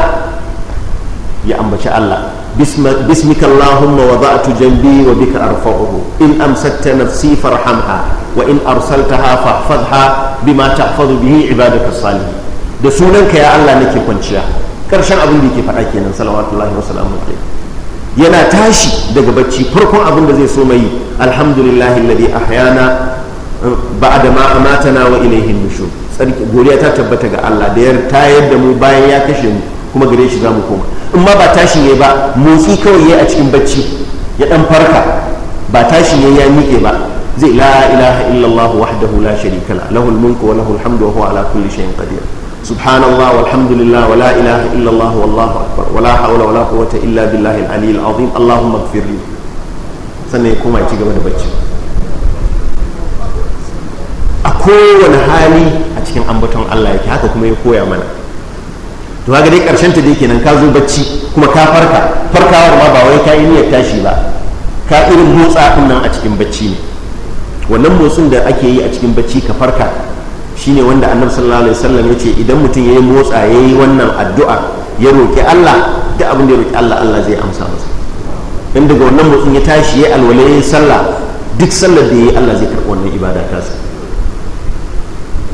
ya ambaci Allah باسمك اللهم وضعت جنبي وبك أرفعه إن أمسكت نفسي فارحمها وإن أرسلتها فاحفظها بما تحفظ به عبادك الصالحين da sunanka ya Allah nake kwanciya karshen abin da yake faɗa kenan salawatullahi wa salamu yana tashi daga bacci farkon abin da zai so mai alhamdulillahi alladhi ahyana uh, ba'da ma amatana wa ilayhi nushur godiya ta tabbata ga Allah da ya tayar da mu bayan ya kashe mu kuma gare shi za mu koma in ma ba tashi ne ba motsi kawai ya a cikin bacci ya dan farka ba tashi ne ya miƙe ba zai la ilaha illallah wahdahu la sharika la lahul mulku wa lahul hamdu wa huwa ala kulli shay'in qadir subhanallah walhamdulillah wa la ilaha illallah wallahu akbar wa la hawla wa la quwwata illa billahi al aliyyil al-azim allahumma ighfir li sannan ya koma ya ci gaba da bacci a kowane hali a cikin ambaton Allah yake haka kuma ya koya mana to haka dai karshen ta dai kenan ka zo bacci kuma ka farka farkawar ma ba wai ka yi niyyar tashi ba ka irin motsa din nan a cikin bacci ne wannan motsin da ake yi a cikin bacci ka farka shine wanda annabi sallallahu alaihi wasallam ya ce idan mutum ya yi motsa ya yi wannan addu'a ya roƙi Allah da abin da ya roƙi Allah Allah zai amsa masa dan daga wannan motsin ya tashi ya alwala ya sallah duk sallar da ya yi Allah zai karɓi wannan ibada sa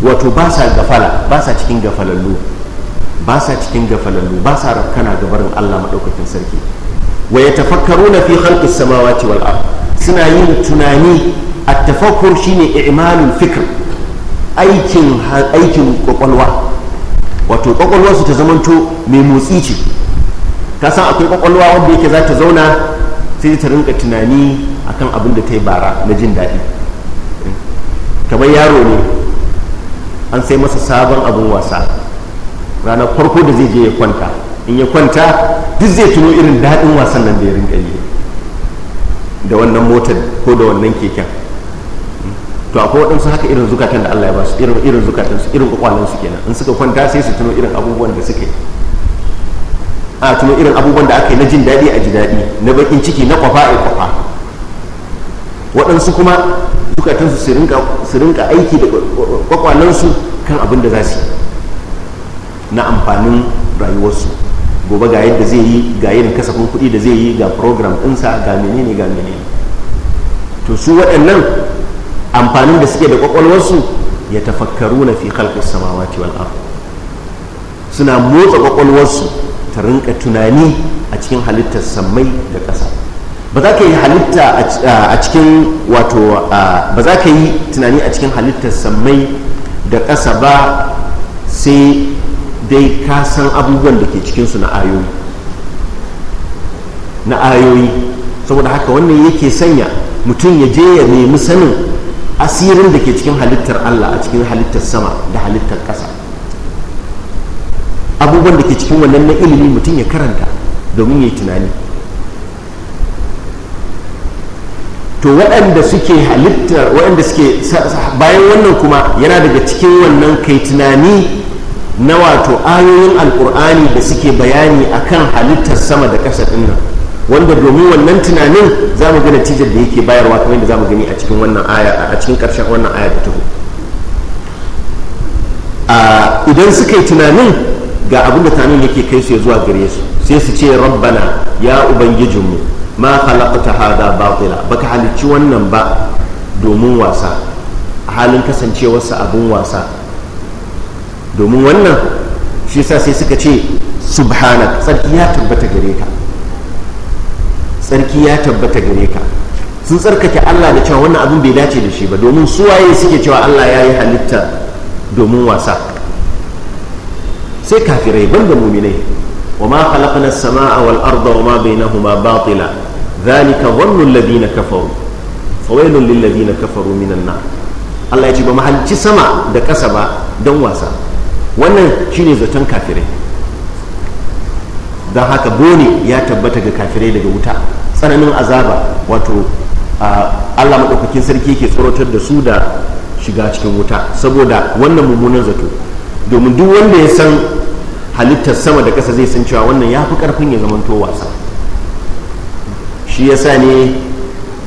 wato ba sa gafala ba sa cikin gafalallu ba sa cikin gafalallu ba sa rafkana barin Allah maɗaukakin sarki wa ya tafakkaru na fi halƙis samawati wal suna yin tunani a tafakkur shine i'malul fikir aikin aikin kwakwalwa wato kwakwalwa su ta zamanto mai motsi ce ka san akwai kwakwalwa wanda yake za ta zauna sai ta rinka tunani akan abin da ta yi bara na jin daɗi kamar yaro ne an sai masa sabon abin wasa ranar farko da zai je ya kwanta in ya kwanta duk zai tuno irin daɗin wasan nan da ya rinka yi da wannan motar ko da wannan keken to akwai waɗansu haka irin zukatan da Allah ya ba su irin irin zukatan su irin kwakwalen su kenan in suka kwanta sai su tuno irin abubuwan da suka yi a tuno irin abubuwan da aka yi na jin daɗi a ji daɗi na bakin ciki na kwafa a kwafa waɗansu kuma zukatansu su rinka aiki da kwakwalen su kan abin da za su yi na amfanin rayuwarsu gobe ga yadda zai yi ga yin kasafin kuɗi da zai yi ga program ɗinsa ga menene ga menene to su waɗannan amfanin da suke da ƙwaƙwalwarsu ya tafakkaru na fi halƙar samawati wal suna motsa ƙwaƙwalwarsu ta rinka tunani a cikin halittar sammai da ƙasa ba za ka yi halitta a cikin wato ba za ka yi tunani a cikin halittar sammai da ƙasa ba sai dai ka san abubuwan da ke cikinsu na ayoyi na ayoyi saboda haka wannan yake sanya mutum ya je ya nemi sanin asirin da ke cikin halittar allah a cikin halittar sama da halittar ƙasa abubuwan da ke cikin wannan na ilimi mutum ya karanta domin ya yi tunani to waɗanda suke halittar waɗanda suke bayan wannan kuma yana daga cikin wannan kai tunani na wato ayoyin alkur'ani da suke bayani a kan halittar sama da ƙasa ɗin nan wanda domin wannan tunanin za mu ga natijar da yake bayarwa kamar da za mu gani a cikin wannan aya a cikin ƙarshen wannan aya da tuhu idan suka yi tunanin ga abin da tunanin yake kai su ya zuwa gare su sai su ce rabbana ya ubangijinmu ma khalaqta hada batila baka halicci wannan ba domin wasa halin kasancewarsa abin wasa domin wannan shi sa sai suka ce subhanak tsarki ya tabbata gare ka tsarki ya tabbata gare ka sun tsarkake Allah da cewa wannan abin bai dace da shi ba domin su waye suke cewa Allah ya yi halitta domin wasa sai kafirai ban da muminai wa ma halakunan sama samaa wal arda wa ma huma batila dhalika dhannu alladhina kafaru fawailun lil kafaru minan na. Allah ya ce ba mu sama da ƙasa ba don wasa wannan shine zaton kafirai don haka boni ya tabbata ga kafirai daga wuta tsananin azaba wato allah maɗaukakin sarki ke tsorotar da su da shiga cikin wuta saboda wannan mummunan zato domin duk wanda ya san halittar sama da ƙasa zai san cewa wannan ya fi ƙarfin ya zamanto wasa shi ya sa ne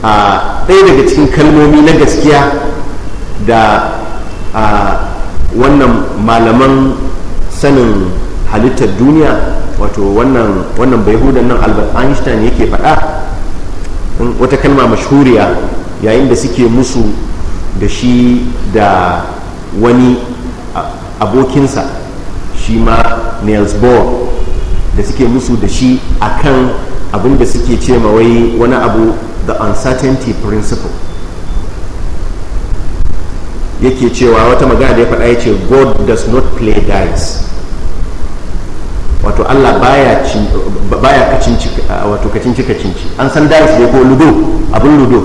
a ɗaya daga cikin kalmomi na gaskiya da wannan malaman sanin halittar duniya wato wannan wannan bayhudan nan albert einstein yake faɗa wata kalma mashuriya yayin da suke musu da shi da wani abokinsa shi ma niels bohr da suke musu da shi akan abin da suke ce wai wani abu the uncertainty principle yake cewa wata magana da ya faɗa ya ce god does not play dice wato allah baya kacinci wato kacinci an san dice ne ko ludo abin ludo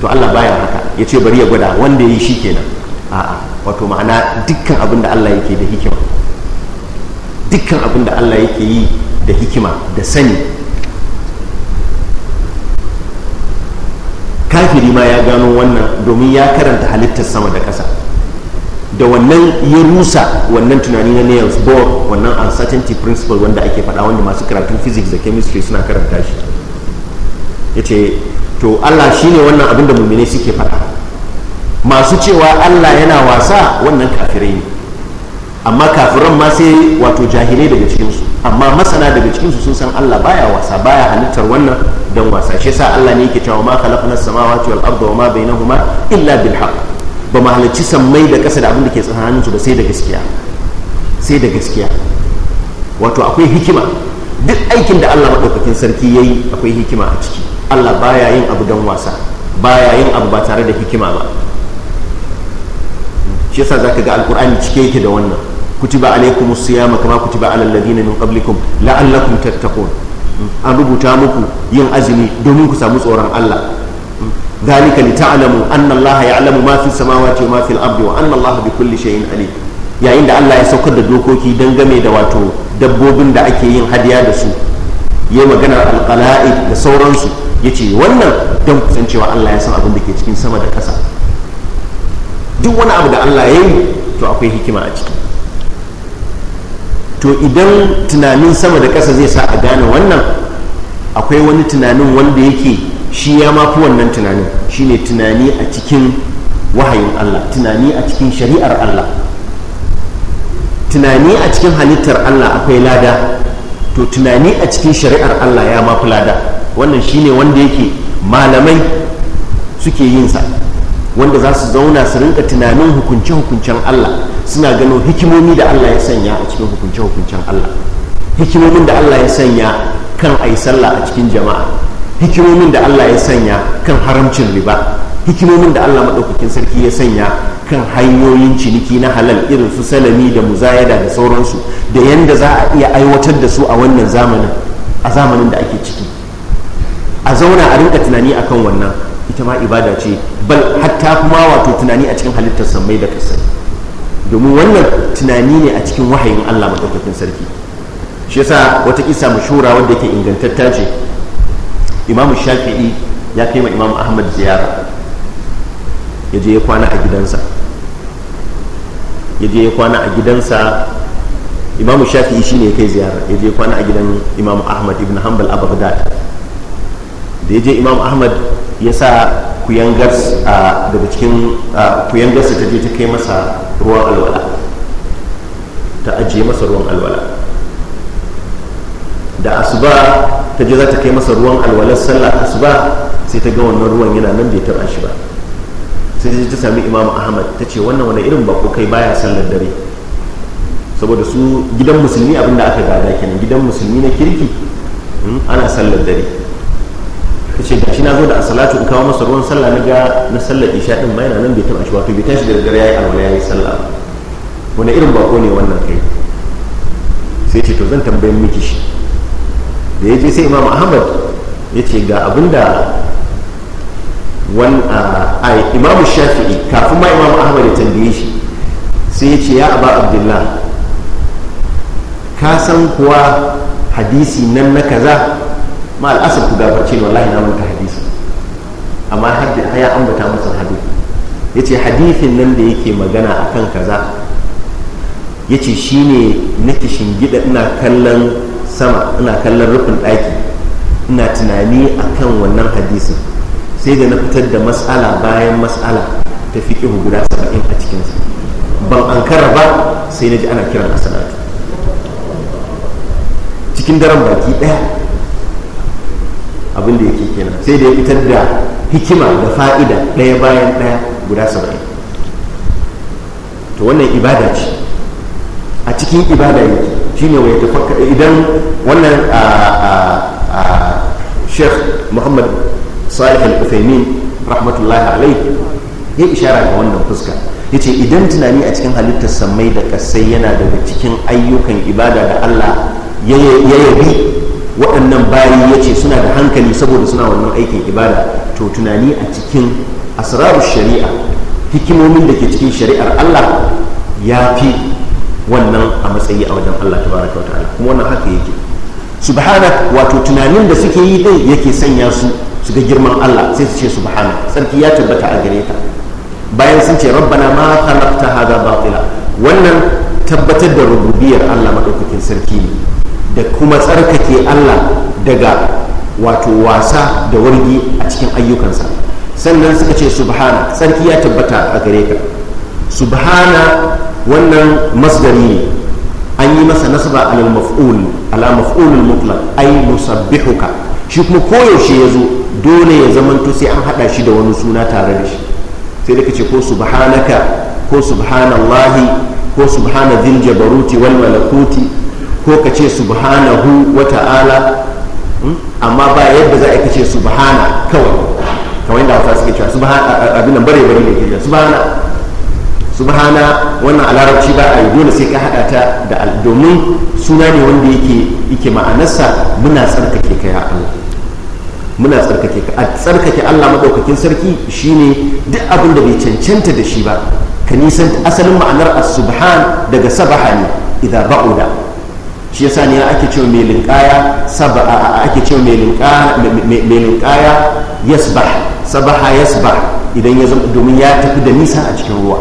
to allah baya haka ya ce bari ya gwada wanda ya yi shi kenan a'a wato ma'ana dukkan abin da allah yake da hikima dukkan abin da allah yake yi da hikima da sani kafiri ma ya gano wannan domin ya karanta halittar sama da ƙasa da wannan ya rusa wannan tunani na niels bohr wannan uncertainty principle wanda ake faɗa wanda masu karatun physics da chemistry suna karanta shi ya ce to allah shine wannan abin da mummine suke faɗa masu cewa allah yana wasa wannan kafirai ne amma kafiran ma sai wato jahilai daga cikinsu amma masana daga cikinsu sun san allah baya wasa baya halittar wannan dan wasa shi yasa Allah ne yake cewa ma khalaqna samawati wal arda wama bainahuma illa bil haqq ba mu halicci sammai da kasa da abin da ke tsakanin su ba sai da gaskiya sai da gaskiya wato akwai hikima duk aikin da Allah madaukakin sarki yayi akwai hikima a ciki Allah baya yin abu dan wasa baya yin abu ba tare da hikima ba shi yasa zaka ga alqur'ani cike yake da wannan kutiba alaikumus siyama kama kutiba alal ladina min qablikum la'allakum tattaqun an rubuta muku yin azumi domin ku samu tsoron Allah ya'lamu ma fi samawati wa ma fi al-ardi wa anna Allah bi kulli shay'in alim yayin da Allah ya saukar da dokoki game da wato dabbobin da ake yin hadiya da su ya magana al-qala'i da sauransu yace wannan dan kusancewa Allah ya san abin da ke cikin sama da ƙasa duk wani abu da Allah ya yi to akwai hikima a ciki to idan tunanin sama da ƙasa zai sa a gane wannan akwai wani tunanin wanda yake shi ya mafi wannan tunanin shi ne tunani a cikin wahayin Allah tunani a cikin shari'ar Allah tunani a cikin halittar Allah akwai lada to tunani a cikin shari'ar Allah ya mafi lada wannan shi ne wanda yake malamai suke yinsa wanda za su zauna su rinka tunanin hukunce-hukuncen Allah suna gano hikimomi da Allah ya sanya a cikin hukunce-hukuncen Allah hikimomin da Allah ya sanya kan a sallah a cikin jama'a hikimomin da Allah ya sanya kan haramcin riba hikimomin da Allah maɗaukakin sarki ya sanya kan hanyoyin ciniki na halal irin su salami da muzayada da sauransu da yadda za a iya aiwatar da su a wannan zamanin a zamanin da ake ciki a zauna a rinka tunani akan wannan ita ma ibada ce bal hatta kuma wato tunani a cikin halittar samai da kasai domin wannan tunani ne a cikin wahayin Allah madaukakin sarki shi yasa wata isa mashura wanda yake ingantatta ce imamu shafi'i ya kai ma imamu ahmad ziyara ya je ya kwana a gidansa ya je ya kwana a gidansa imamu shafi'i ne ya kai ziyara ya je ya kwana a gidan imamu ahmad ibn hanbal a baghdad da ya je imamu ahmad ya sa kuyangarsa daga cikin kuyangarsa ta je ta kai masa ruwan alwala ta ajiye masa ruwan alwala da asuba ta je za ta kai masa ruwan alwalar sallar asuba sai ta ga wannan ruwan yana nan bai taba shi ba sai ta je ta sami imamu ahmad ta ce wannan wani irin bako kai baya sallar dare saboda su gidan musulmi abinda aka gada kenan gidan musulmi na kirki hmm, ana sallar dare ka ce shi na zo da asalatu in kawo masa ruwan sallah na ga na sallar isha din ma yana nan bai taba shi wato bai tashi daga dare yayi alwala yayi sallah wani irin bako ne wannan kai sai ce to zan tambayin miki shi da ya je sai imam ahmad ya ce ga abinda wani imamu shafi'i kafin ma imam ahmad ya tambaye shi sai ya ce ya aba abdullah ka san kuwa hadisi nan na kaza ma al'asar ku gafarce ne wallahi na manta hadisi amma ya ambata masa hadisi ya ce hadisin nan da yake magana a kan kaza ya ce shi ne shingida ina kallon sama ina kallon rufin ɗaki ina tunani a kan wannan hadisin sai da na fitar da matsala bayan matsala ta fi guda saba'in a cikinsa ban an kara ba sai na ji ana kiran asalatu cikin daren baki ɗaya abin da yake kenan sai da ya fitar da hikima da fa'ida ɗaya bayan ɗaya guda saba'in to wannan ibada ce a cikin ibada yake shine wa ya idan wannan a sheikh muhammad salih al-uthaymin rahmatullahi alai ya ishara ga wannan fuska ya ce idan tunani a cikin halittar samai da kasai yana daga cikin ayyukan ibada da allah ya yabi waɗannan bayi ya ce suna da hankali saboda suna wannan aikin ibada to tunani a cikin asraru shari'a hikimomin da ke cikin shari'ar allah ya fi wannan a matsayi a wajen allah ta baraka wata ala kuma wannan haka yake subhana wato tunanin da suke yi dai yake sanya su su ga girman allah sai su ce subhana sarki ya tabbata a gare ta bayan sun ce rabbana ma khalaqta hadha batila wannan tabbatar da rububiyar allah maɗaukakin sarki ne da kuma tsarkake Allah daga wato wasa da wargi a cikin ayyukansa sannan suka ce subhana tsarki ya tabbata a gare ka subhana wannan masgari ne an yi masa nasaba al maf'ul ala maf'ulul mutlaq ay musabbihuka shi kuma koyaushe ya zo dole ya zamanto sai an hada shi da wani suna tare da shi sai da ce ko subhanaka ko subhanallahi ko subhana dhil jabaruti wal malakuti ko ka ce subhanahu wa ta'ala hmm? amma ba yadda za a kace subhana kawai kawai da wata suke cewa subhana abin nan bare bare ne ke subhana subhana wannan a larabci ba a yi dole sai ka hada ta da domin suna ne wanda yake yake ma'anarsa muna tsarkake ka ya Allah muna tsarkake ka a tsarkake Allah madaukakin sarki shine duk abin da bai cancanta da shi ba ka nisan asalin ma'anar as-subhan daga sabaha ne idan ba'uda shi yasa ne ake cewa mai linkaya sabaha ake cewa mai linkaya mai linkaya sabaha idan ya zama domin ya tafi da nisa a cikin ruwa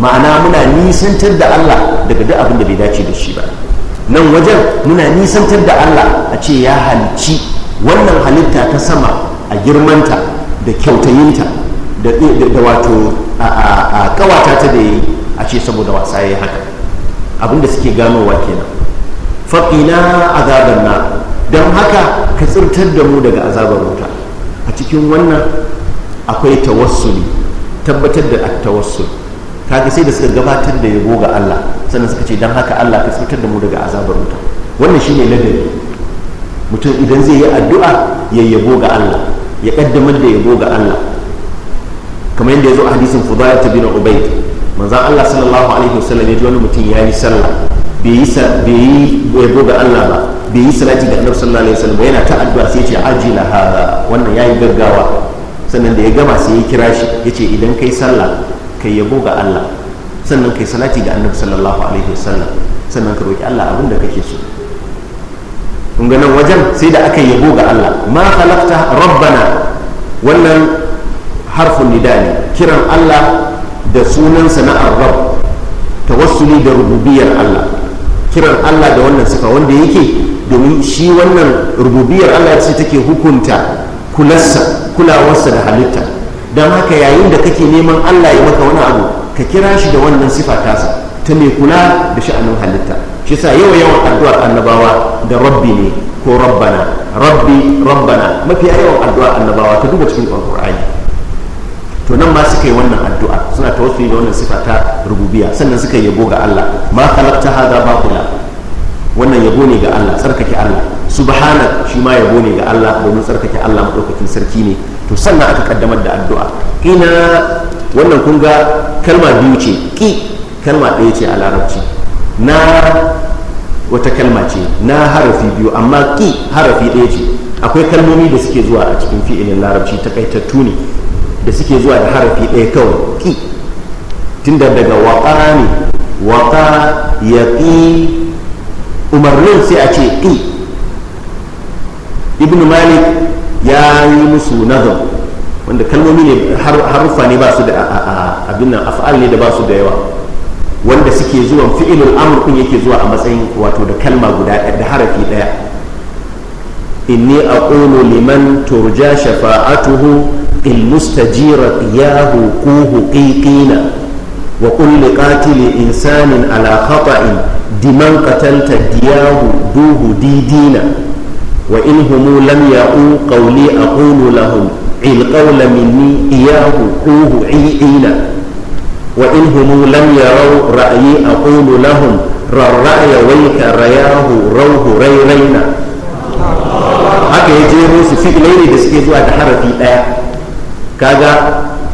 ma'ana muna nisantar da Allah daga duk abin da bai dace da shi ba nan wajen muna nisantar da Allah a ce ya halici wannan halitta ta sama a girmanta da kyautayinta da wato a kawata ta da yi a ce saboda wasa ya yi haka abinda suke ganowa kenan faƙina azabar na don haka ka tsirtar da mu daga azabar wuta a cikin wannan akwai tawassuli tabbatar da tawassul kaga sai da suka gabatar da yabo ga Allah sannan suka ce don haka Allah ka tsirtar da mu daga azabar wuta wannan shine ladabi mutum idan zai yi addu'a ya yabo ga Allah ya kaddamar da yabo ga Allah kamar yadda ya zo a hadisin fudayat bin ubayd manzan Allah sallallahu alaihi wasallam ya ji wani mutum ya yi sallah bai yi yabo ga Allah ba bai yi salati ga annabi sallallahu alaihi wasallam yana ta addu'a sai ya ce ajila hada wannan yayi gaggawa sannan da ya gama sai ya kira shi ya ce idan kai sallah kai yabo ga Allah sannan kai salati ga annabi sallallahu alaihi wasallam sannan ka roki Allah abin da kake so kun ga nan wajen sai da aka yabo ga Allah ma khalaqta rabbana wannan harfun nida ne kiran Allah da sunan sunansa na arab tawassuli da rububiyar allah kiran allah da wannan sifa wanda yake domin shi wannan rububiyar allah ce take hukunta kulassa kulawarsa da halitta don haka yayin da kake neman allah ya maka wani abu ka kira shi da wannan sifa tasa ta mai kula da sha'anin halitta shi sa yawa yawan addu'a annabawa da rabbi ne ko rabbana rabbi rabbana mafi yawan addu'ar annabawa ta duba cikin alkur'ani to nan ma suka yi wannan addu'a suna tawassuli da wannan sifa ta rububiyya sannan suka yabo ga Allah ma khalaqta hadha baqula wannan yabo ne ga Allah tsarkake Allah subhana shi ma yabo ne ga Allah domin tsarkake Allah madaukakin sarki ne to sannan aka kaddamar da addu'a kina wannan kun ga kalma biyu ce ki kalma ɗaya ce a larabci na wata kalma ce na harafi biyu amma ki harafi ɗaya ce akwai kalmomi da suke zuwa a cikin fi'ilin larabci takaitattu ne da suke zuwa da harafi ɗaya kawai ki tunda daga waƙa ne waƙa ya ƙi umarnin sai a ce ƙi ibn malik ya yi musu nazar wanda kalmomi ne haruffa ne ba su da abin nan af'al ne da ba su da yawa wanda suke zuwa fi'ilul amr kun yake zuwa a matsayin wato da kalma guda da harafi ɗaya inni aqulu liman turja shafa'atuhu in mustajira ya hukuhu ƙiƙina wa kulli qatili insanin ala khata'in diman qatalta diyahu duhu didina wa in humu lam ya'u qawli aqulu lahum il qawla minni iyahu quhu iina wa in humu lam ya'u ra'yi aqulu lahum ra'ya wayka rayahu rawhu rayrayna haka yaje musu fi ilayni da suke zuwa da harafi daya kaga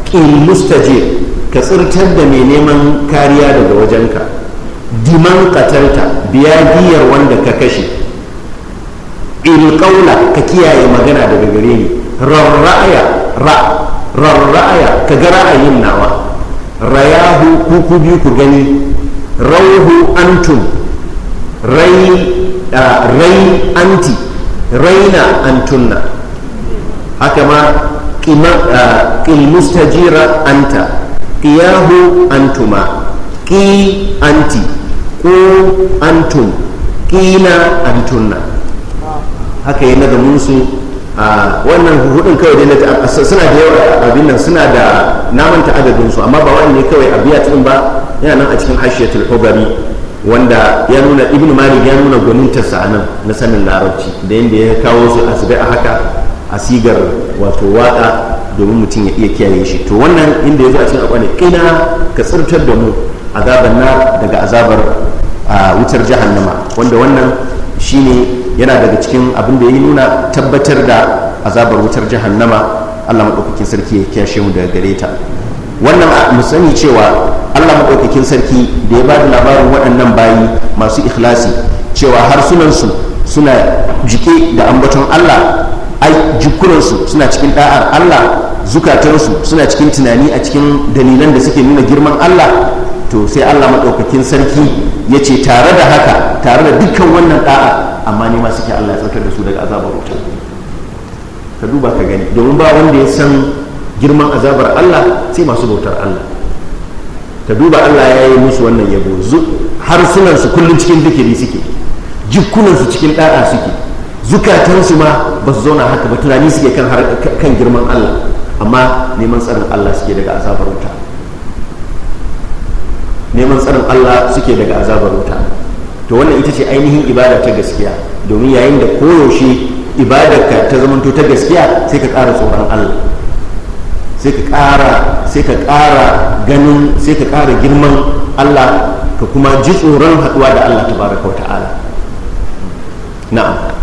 ƙin mustaje ka tsirtar da mai neman kariya daga wajenka diman katarta biya giyar wanda ka kashe ilƙaula ka kiyaye magana daga gare ni rarra'aya ra rarra'aya ka ga ra'ayin nawa rayahu ku ku biyu ku gani rauhu antum rai rai anti raina antunna haka ma ƙilmustajira ah, anta kiyahu antuma ƙi anti ku antum antunna haka yana da munsu a ah, wannan hudun kawai dai na suna da yawa abin nan suna da naman adadin su amma ba wani ne kawai biya tun ba yana nan a cikin hashiyatul hubari wanda ya nuna ibn malik ya nuna gwanintar sa na sanin larabci da yadda ya kawo su a a haka a sigar wato waka domin mutum ya iya kiyaye shi to wannan inda ya zo a cikin akwai ƙina ka tsirtar da mu azabar na daga azabar wutar jahannama wanda wannan shine yana daga cikin abin da ya nuna tabbatar da azabar wutar jahannama Allah maɗaukakin sarki ya kiyashe mu daga gare ta wannan mu sani cewa Allah maɗaukakin sarki da ya ba da labarin waɗannan bayi masu ikhlasi cewa har sunansu suna jike da ambaton Allah ai jikunansu suna cikin da'ar Allah zukatansu suna cikin tunani a cikin dalilan da suke nuna girman Allah to sai Allah maɗaukakin sarki ya ce tare da haka tare da dukkan wannan da'a amma ne ma suke Allah ya tsarkar da su daga azabar wuta ka duba ka gani domin ba wanda ya san girman azabar Allah sai masu bautar Allah ka duba Allah ya yi musu wannan yabo har sunansu kullum cikin dukiri suke jikunansu cikin da'a suke zukatansu ma ba su zauna haka ba tunani suke kan kan girman Allah amma neman tsarin Allah suke daga azabar wuta neman tsarin Allah suke daga azabar wuta to wannan ita ce ainihin ibada ta gaskiya domin yayin da koyaushe ibadarka ta zamanto ta gaskiya sai ka ƙara tsoron Allah sai ka ƙara sai ka ƙara ganin sai ka ƙara girman Allah ka kuma ji tsoron haɗuwa da Allah tabaraka wa ta'ala na'am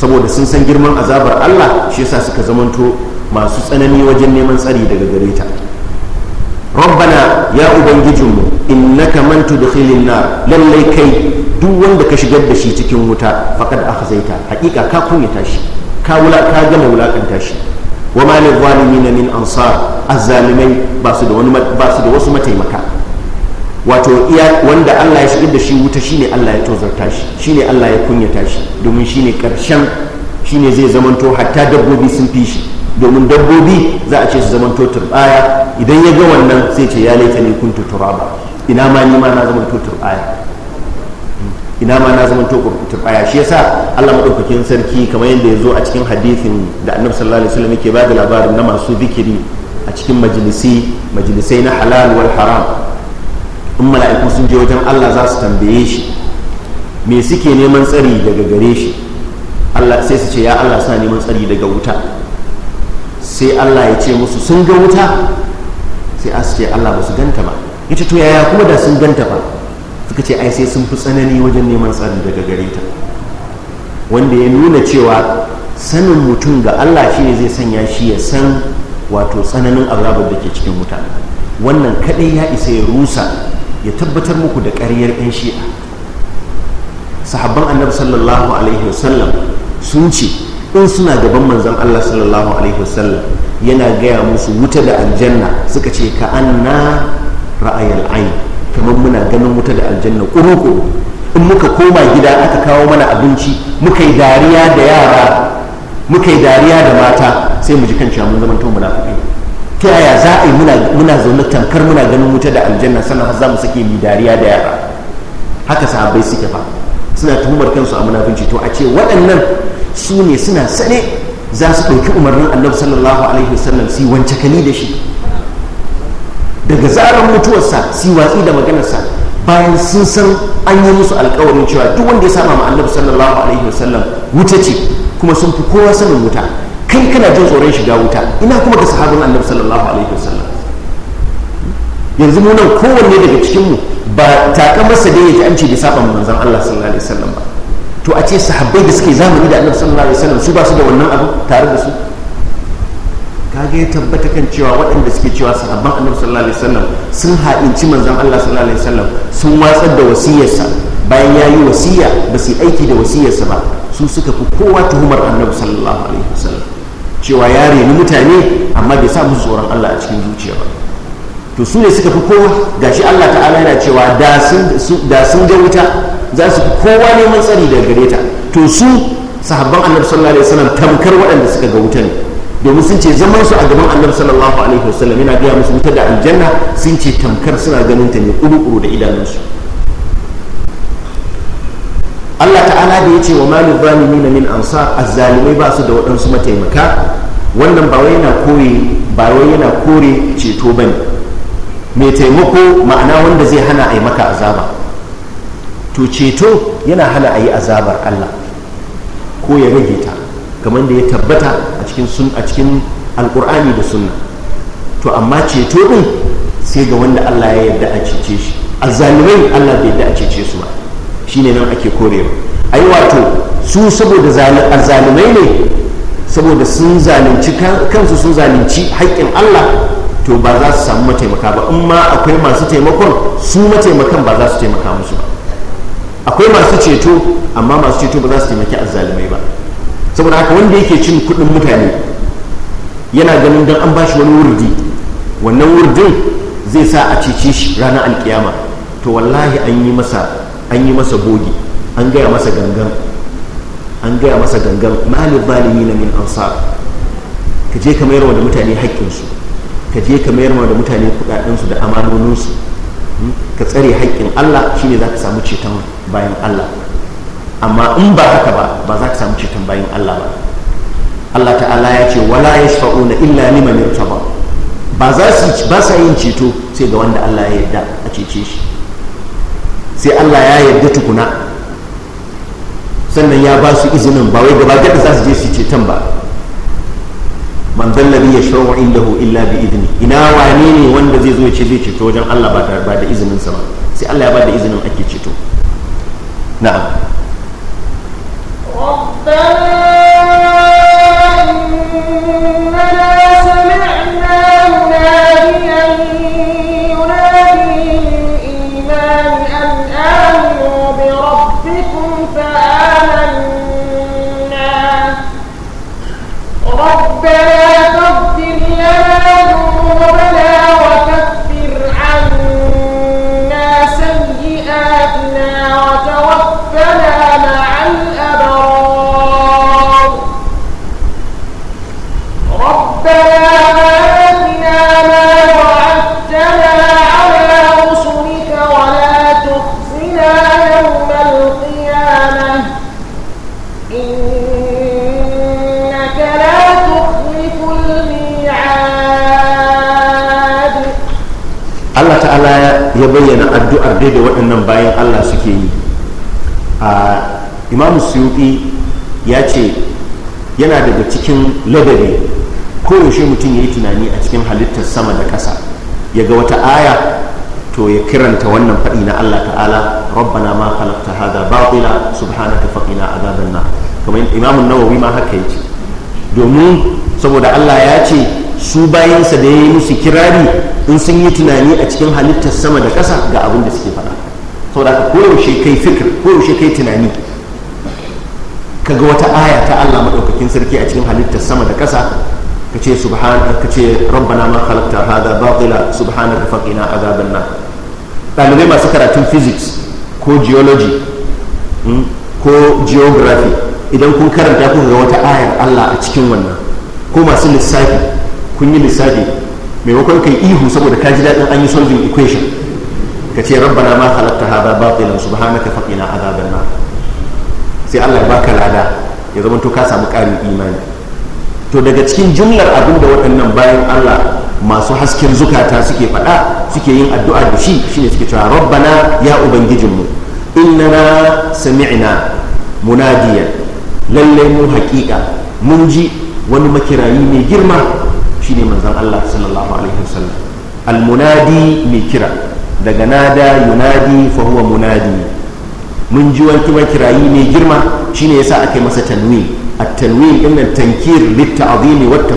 saboda sun san girman azabar Allah shi yasa suka zamanto masu tsanani wajen neman tsari daga gare ta rabbana ya ubangijinmu manta da filin na lallai kai duk wanda ka shigar da shi cikin wuta zai ta haƙiƙa ka kunya tashi ka wula ka gama wulakanta shi wa ma zalimi na min ansar azzalimai ba su da wasu mataimaka wato iya wanda Allah ya shigar da shi wuta shine Allah ya tozarta shi shine Allah ya kunyata shi domin shine karshen shine zai zamanto hatta dabbobi sun fi shi domin dabbobi za a ce su zamanto turbaya idan ya ga wannan sai ce ya laita ne kuntu turaba ina ma ni ma na zamanto turbaya ina ma na zamanto turbaya shi yasa Allah madaukakin sarki kamar yadda ya zo a cikin hadithin da Annabi sallallahu alaihi wasallam yake ba da labarin na masu zikiri a cikin majalisi majalisai na halal wal haram in mala'iku sun je wajen Allah za su tambaye shi me suke neman tsari daga gare shi Allah sai su ce ya Allah suna neman tsari daga wuta sai Allah ya ce musu sun ga wuta sai a su ce Allah ba su ganta ba ita to yaya kuma da sun ganta ba suka ce ai sai sun fi tsanani wajen neman tsari daga gare ta wanda ya nuna cewa sanin mutum ga Allah shi ne zai sanya shi ya san wato tsananin azabar da ke cikin wuta wannan kadai ya isa ya rusa ya tabbatar muku da ƙaryar 'yan shi'a sahabban annabi sallallahu alaihi wasallam sun ce in suna gaban manzan allah sallallahu alaihi wasallam yana gaya musu wuta da aljanna suka ce ka an na ra'ayal ayi kamar muna ganin wuta da aljanna kuruku in muka koma gida aka kawo mana abinci muka yi dariya da yara muka yi dariya da mata sai mu ji kan cewa mun zama to munafikai ta yaya za a yi muna zaune tamkar muna ganin wuta da aljanna sannan har za mu sake mu dariya da yara haka sahabbai suke fa suna tuhumar kansu a munafinci to a ce waɗannan su ne suna sane za su ɗauki umarnin annabi sallallahu alaihi wasallam su wance kani da shi daga zarar mutuwarsa su watsi da maganarsa bayan sun san an yi musu alkawarin cewa duk wanda ya saba ma annabi sallallahu alaihi wasallam wuta ce kuma sun fi kowa sanin wuta kai kana jin tsoron shiga wuta ina kuma ga sahabin annabi sallallahu alaihi wasallam yanzu mu nan kowanne daga cikin mu ba takamarsa da yake an da saban saba manzon Allah sallallahu alaihi wasallam ba to a ce sahabbai da suke zamani da annabi sallallahu alaihi wasallam su ba su da wannan abu tare da su kaga ya tabbata kan cewa waɗanda suke cewa sahabban annabi sallallahu alaihi wasallam sun ha'inci manzon Allah sallallahu alaihi wasallam sun watsar da wasiyarsa bayan ya yi wasiya ba su yi aiki da wasiyarsa ba su suka fi kowa tuhumar annabi sallallahu alaihi wasallam cewa ya reni mutane amma bai sa musu tsoron Allah a cikin zuciya ba to su ne suka fi kowa ga shi Allah ta'ala yana cewa da sun ga wuta za su fi kowa neman tsari daga gare ta to su sahabban annabi sallallahu alaihi wasallam tamkar waɗanda suka ga wuta ne domin sun ce zaman su a gaban annabi sallallahu alaihi wasallam yana gaya musu wuta da aljanna sun ce tamkar suna ganin ta ne kuru-kuru da idanunsu Allah ta'ala da ya ce wa malu na min ansa azzalimai ba su da waɗansu mataimaka wannan ba wai yana kore ba wai yana kore ceto bane mai taimako ma'ana wanda zai hana a yi maka azaba to ceto yana hana a yi azabar Allah ko ya rage ta kamar da ya tabbata a cikin sun a cikin alƙur'ani da sunna to amma ceto din sai ga wanda Allah ya yarda a cece shi azzalimai Allah bai yarda a cece su ba shine nan ake korewa ai wato su saboda azzalumai ne saboda sun zalunci kansu sun zalunci haƙƙin Allah to ba za su samu mataimaka ba in ma akwai masu taimakon su mataimakan ba za su taimaka musu ba akwai masu ceto amma masu ceto ba za su taimaki azzalumai ba saboda haka wanda yake cin kuɗin mutane yana ganin don an bashi wani wurdi wannan wurdin zai sa a cece shi ranar alkiyama to wallahi an yi masa an yi masa bogi an gaya masa gangan an gaya masa gangan malin zalimi na min ansar ka je ka mayarwa da mutane haƙƙinsu ka je ka mayarwa da mutane kuɗaɗensu da amanoninsu hmm? ka tsare haƙƙin allah shine za ka samu ceton bayan allah amma in ba haka ba ba za ka samu ceton bayan allah ba allah ta'ala ya ce wala na illa liman irtaba ba za su yi yin ceto sai ga wanda allah ya yarda a cece shi sai allah ya yarda tukuna sannan ya ba su izinin ba wai gaba gada za su je su ceton ba man zallabi ya shawo illahu illa bi izini ina wane ne wanda zai zo ya ce zai ceto wajen allah ba da izinin sa ba sai allah ya ba da izinin ake ceto na'am ya bayyana addu'ar dai da waɗannan bayan allah suke yi a imam suyuɗi ya ce yana daga cikin ladabi koyaushe mutum ya yi tunani a cikin halittar sama da ƙasa ya ga wata aya to ya kiranta wannan faɗi na allah ta'ala rabbana ma khalaqta hadha batila subhanaka faqina azaban na. kamar imam nawawi ma haka yace domin saboda allah ya ce su bayansa da ya yi musu kirari in sun yi tunani a cikin halittar sama da ƙasa ga abin da suke faɗa saboda ka koyaushe kai fikir koyaushe kai tunani ka ga wata aya ta Allah maɗaukakin sarki a cikin halittar sama da ƙasa ka ce subhan ka ce rabbana ma khalaqta hadha batila subhanaka faqina azaban nar ɗalibai masu karatun physics ko geology hmm, ko geography idan kun karanta kun ga wata ayar Allah a cikin wannan ko masu lissafi kun yi lissafi maimakon kai ihu saboda ka ji daɗin an yi solving equation ka ce rabbana ma halatta hada batilan subhanaka faqina azaban nar sai Allah ya baka lada ya zama to ka samu ƙarin imani to daga cikin jumlar abin da waɗannan bayan Allah masu hasken zukata suke faɗa suke yin addu'a da shi shine suke cewa rabbana ya ubangijinmu innana sami'na munadiyan lalle mu haƙiƙa mun ji wani makirayi mai girma shine manzon Allah sallallahu alaihi wasallam almunadi mai kira daga nada yunadi fa huwa munadi mun ji wani kuma kirayi mai girma shine yasa aka yi masa tanwin at-tanwin din nan tankir lit-ta'zimi wat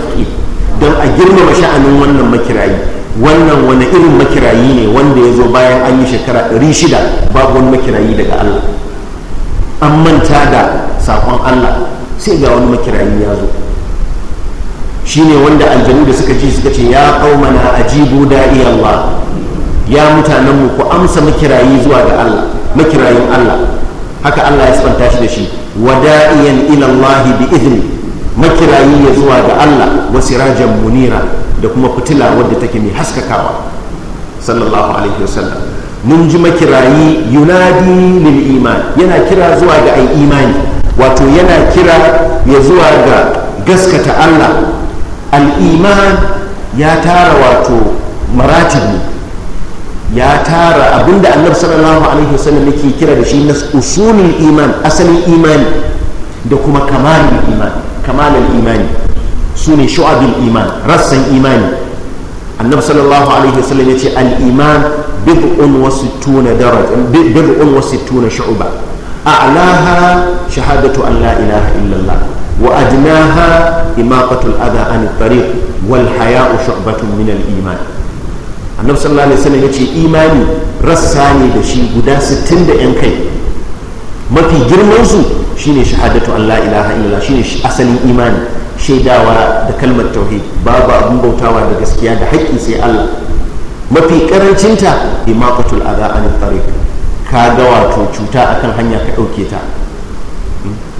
don a girmama sha'anin wannan makirayi wannan wani irin makirayi ne wanda ya zo bayan an yi shekara 600 babu wani makirayi daga Allah an manta da sakon Allah sai ga wani makirayi ya zo shine wanda aljanu da suka ji suka ce ya qaumana ajibu da'i Allah ya mutanen mu ku amsa makirayi zuwa ga Allah makirayin Allah haka Allah ya sabanta shi da shi wada'iyan ila Allah bi idni makirayi ya zuwa ga Allah wa sirajan munira da kuma fitila wadda take mai haskakawa sallallahu alaihi wasallam mun ji makirayi yunadi lil iman yana kira zuwa ga ai imani wato yana kira ya zuwa ga gaskata Allah al'iman ya tara wato maratibi ya tara abinda annabi sallallahu alaihi wasallam yake kira da shi na usulul iman asalin imani da kuma kamalul imani kamalul imani su ne shu'abul iman rassan imani annabi sallallahu alaihi wasallam yace al iman bid'un wa sittuna daraja bid'un wa sittuna shu'ba a'laha shahadatu an la ilaha illallah وأدناها إماطة الأذى عن الطريق والحياء شعبة من الإيمان annabi sallallahu alaihi wasallam yace imani rassa ne da shi guda sittin da yan kai mafi girman su shine shahadatu Allah ilaha illallah shine asalin imani shaidawa da kalmar tauhid babu abun bautawa da gaskiya da haƙƙi sai Allah mafi karancinta imaqatul adha anit tariq ka ga wato cuta akan hanya ka dauke ta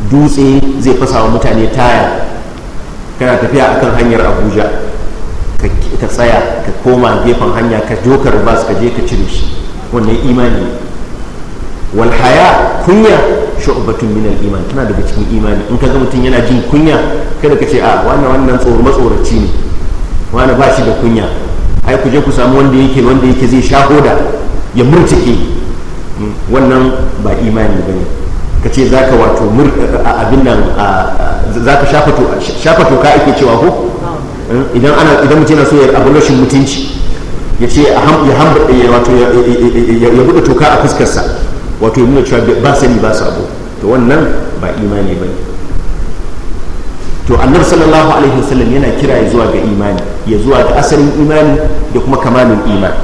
dutse zai fasa wa mutane taya kana tafiya akan hanyar abuja ka tsaya ka koma gefen hanya ka jokar bas ka je ka cire shi wannan imani walhaya kunya shu'batun min al-iman tana daga cikin imani in ka ga mutum yana jin kunya kada ka ce a ah, wannan wannan tsoro matsoraci ne wani ba shi da kunya ai ku je ku samu wanda yake wanda yake zai sha hoda ya murtike hmm, wannan ba imani bane ka ce za ka wato abin nan za ka shafa toka ake cewa ko eh, idan ana idan mutum yana so ya abu rashin mutunci ya ce ya wato ya buɗe toka a fuskarsa wato ya nuna cewa ba sani ba sabo to wannan ba imani ba ne to annar sallallahu alaihi wasallam yana kira ya zuwa ga imani ya zuwa ga asalin imani da kuma kamalin imani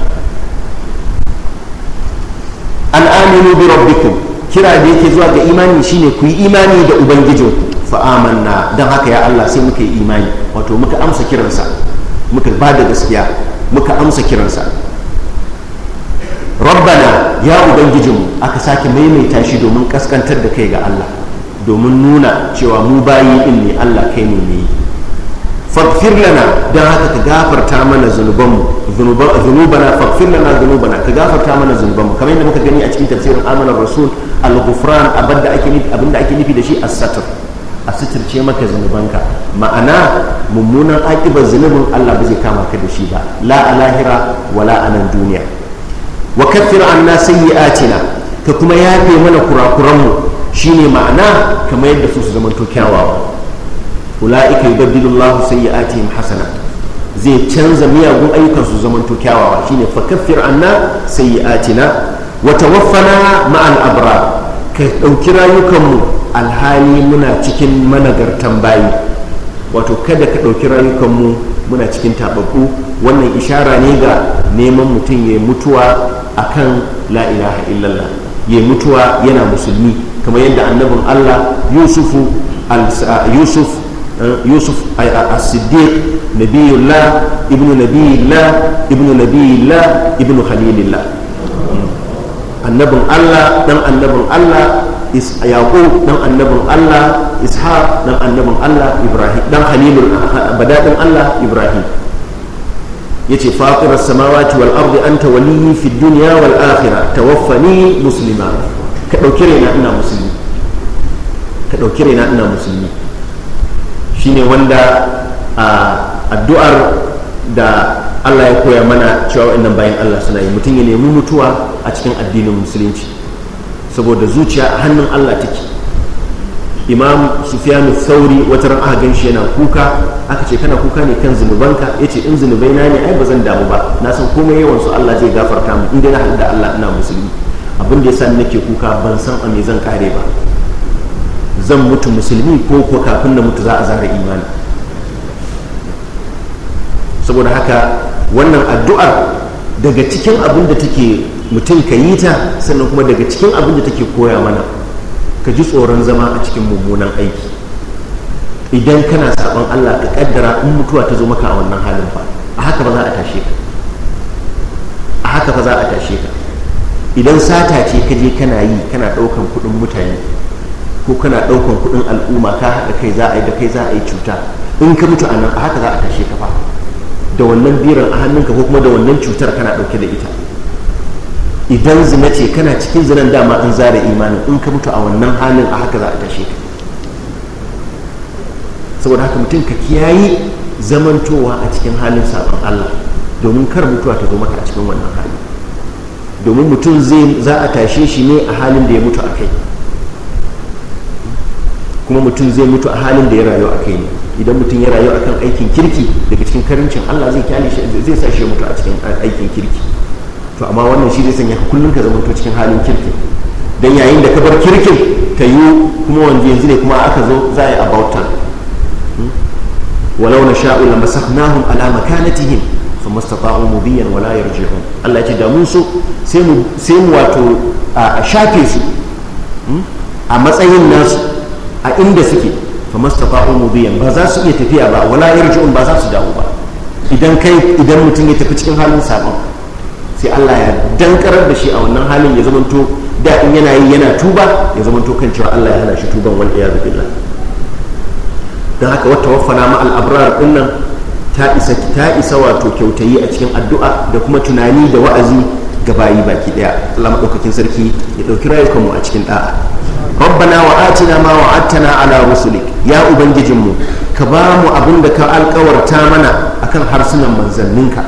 an aminu bi rabbikum kira da yake zuwa ga imani shine ku yi imani da ubangijin fa amanna don haka ya Allah sai muka yi imani wato muka amsa kiransa muka ba da gaskiya muka amsa kiransa rabbana ya mu aka sake maimaita shi domin kaskantar da kai ga Allah domin nuna cewa mu bayi inni ne Allah kai ne ne faghfir lana don haka ka gafarta mana zunubanmu zunubana lana zunubana ka gafarta mana zunubanmu kamar yadda muka gani a cikin tafsirin amanar rasul al-ghufran abinda ake nufi ake nufi da shi as-satr a ce maka zunubanka ma'ana mummunan akibar zunubin Allah ba zai kama ka da shi ba la a lahira la a nan duniya wa kaffir anna sayyi'atina ka kuma yafe mana kurakuranmu shine ma'ana kamar yadda su su zamanto kyawawa ula'ika sai ya sayyi'atihim hasanat zai canza miyagun ayyukan su zaman to kyawawa shine ya anna sayyi'atina wata tawaffana ma'al abrar ka dauki rayukanmu alhali muna cikin managartan bayi wato kada ka dauki rayukanmu muna cikin tababbu wannan ishara ne ga neman mutum ya mutuwa akan la ilaha illallah ya mutuwa yana musulmi kamar yadda annabin Allah Yusufu yusuf yusuf as-siddiq nabiyullah ibnu nabiyillah ibnu nabiyillah ibnu khalilillah annabin allah dan annabin allah yaqub dan annabin allah ishaq dan annabin allah ibrahim dan halilul badadin allah ibrahim yace fatir as-samawati wal ardi anta waliyyi fid dunya wal akira tawaffani muslima ka dauki raina ina musulmi ka dauki ina musulmi Shi ne wanda a addu'ar da Allah ya koya mana cewa inda bayan Allah suna yi mutum ya nemi mutuwa a cikin addinin musulunci saboda zuciya a hannun Allah take imam sufyanu sauri wata ran aka ganshi yana kuka aka ce kana kuka ne kan zunubanka ya ce in zunubai na ne ai ba zan damu ba na san komai yawan su Allah zai gafarta mu in na haɗu da Allah ina musulmi abin da ya sa nake kuka ban san a me zan kare ba zan mutu musulmi ko ko kafin na mutu za a zara imani saboda haka wannan addu'ar daga cikin abin da take mutum ka yi ta sannan kuma daga cikin abin da take koya mana ka ji tsoron zama a cikin mummunan aiki idan kana sabon allah ka kaddara in mutuwa ta zo maka a wannan halin fa a haka ba za a tashe ka a haka ba za a tashe ka idan sata ce ka je kana yi kana ɗaukan kuɗin mutane ko kana ɗaukan kuɗin al'umma ka haɗa kai za a yi da kai za a yi cuta in ka mutu a nan a haka za a kashe ka fa da wannan biran a hannunka ko kuma da wannan cutar kana ɗauke da ita idan zina ce kana cikin zinan dama za zara imanin in ka mutu a wannan halin a haka za a tashe ka saboda haka mutum ka kiyaye zamantowa a cikin halin sabon allah domin kar mutuwa ta zo maka a cikin wannan hali domin mutum zai za a tashe shi ne a halin da ya mutu a kai kuma mutum zai mutu a halin da ya rayu a kai ne idan mutum ya rayu akan aikin kirki daga cikin karincin Allah zai kyale shi zai sa shi mutu a cikin aikin kirki to amma wannan shi zai sanya kullun ka zama cikin halin kirki dan yayin da ka bar kirkin ka yi kuma wanda yanzu ne kuma aka zo za a yi about time hmm? walau na sha'u la ala makanatihim fa mastata'u mubiyan la yarji'un Allah ya da mun so sai mu sai mu wato a shafe su hmm? a matsayin nasu a inda suke fa mastafa'u mudiyan ba za su iya tafiya ba wala yarji'un ba za su dawo ba idan kai idan mutum ya tafi cikin halin sabon sai Allah ya dankarar da shi a wannan halin ya zamanto da in yana yi yana tuba ya zamanto kan cewa Allah ya hana shi tuban wal iyad billah dan haka wata waffana ma al abrar din ta isa ta isa wato kyautayi a cikin addu'a da kuma tunani da wa'azi ga bayi baki daya Allah madaukakin sarki ya dauki rayukan mu a cikin da'a rabbana wa atina ma wa'adtana ala rusulik ya ubangijinmu ka ba mu abin da ka alkawarta mana akan harsunan manzanninka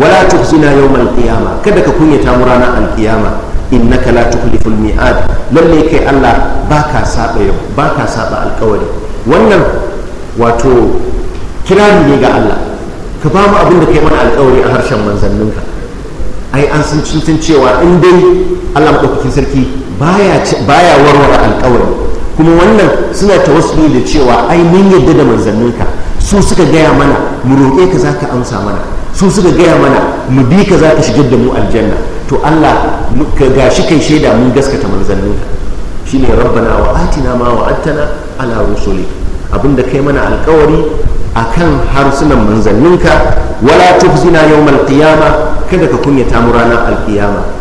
wala tuhzina yawmal qiyama kada ka kunyata mu ranar alkiyama innaka la tukhliful mi'ad lalle kai Allah baka saba yau baka saba alkawari wannan wato kirani ne ga Allah ka ba mu abin da kai mana alkawari a harshen manzanninka ai an san cewa in dai Allah madaukakin sarki baya warware alkawari kuma wannan suna ta wasu da cewa ai mun yadda da ka su suka gaya mana mu roƙe ka za ka amsa mana su suka gaya mana mu bi ka za ka shigar da mu aljanna to allah ka shi kai shaida mun gaskata ka. ne shine rabbana wa atina ma wa attana ala rusuli abinda kai mana alkawari a kan harsunan manzanninka wala tufzina yawmal qiyama kada ka kunyata mu ranar alkiyama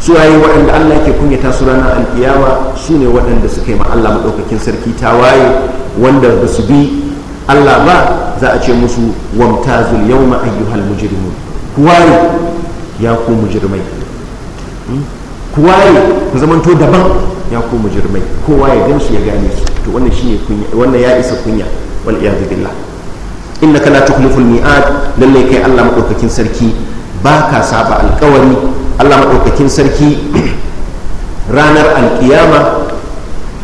su waye waɗanda Allah yake kunyata su ranar alkiyama su ne waɗanda suka yi ma Allah maɗaukakin sarki ta waye wanda ba su bi Allah ba za a ce musu wamtazul yawma ayyuhal mujrimun waye ya ku mujrimai hmm? kuwaye ku zamanto daban ya ku mujrimai kowa ya shi ya gane su to wannan ne kunya wannan ya isa kunya wal iyad billah innaka la tukhliful mi'ad lalle kai Allah madaukakin sarki ka saba alƙawari allah maɗaukakin sarki ranar alkiyama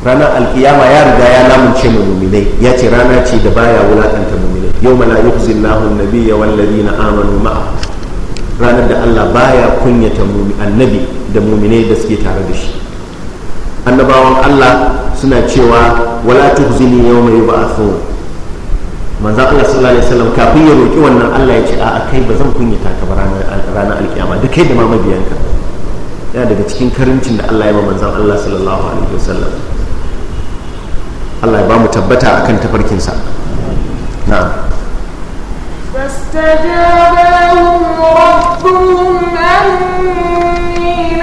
ranar alkiyama ya riga ya lamunce mu muminai ya ce rana ce da baya wulakanta muminai yau mala nabi ya wallari na amanu ma'a ranar da allah baya kunyata annabi da muminai da suke tare da shi annabawan allah suna cewa wala tuhzini yawma yub'athun manzan Allah sallallahu alaihi wasallam kafin ya roki wannan Allah ya ce a'a kai ba zan kunyata ka ba ranar alƙiyama da kai da ma mabiyanka yana daga cikin karincin da Allah ya ba manzan Allah sallallahu alaihi wasallam Allah ya ba mu tabbata akan tafarkinsa na'am فاستجاب rabbuhum ربهم أني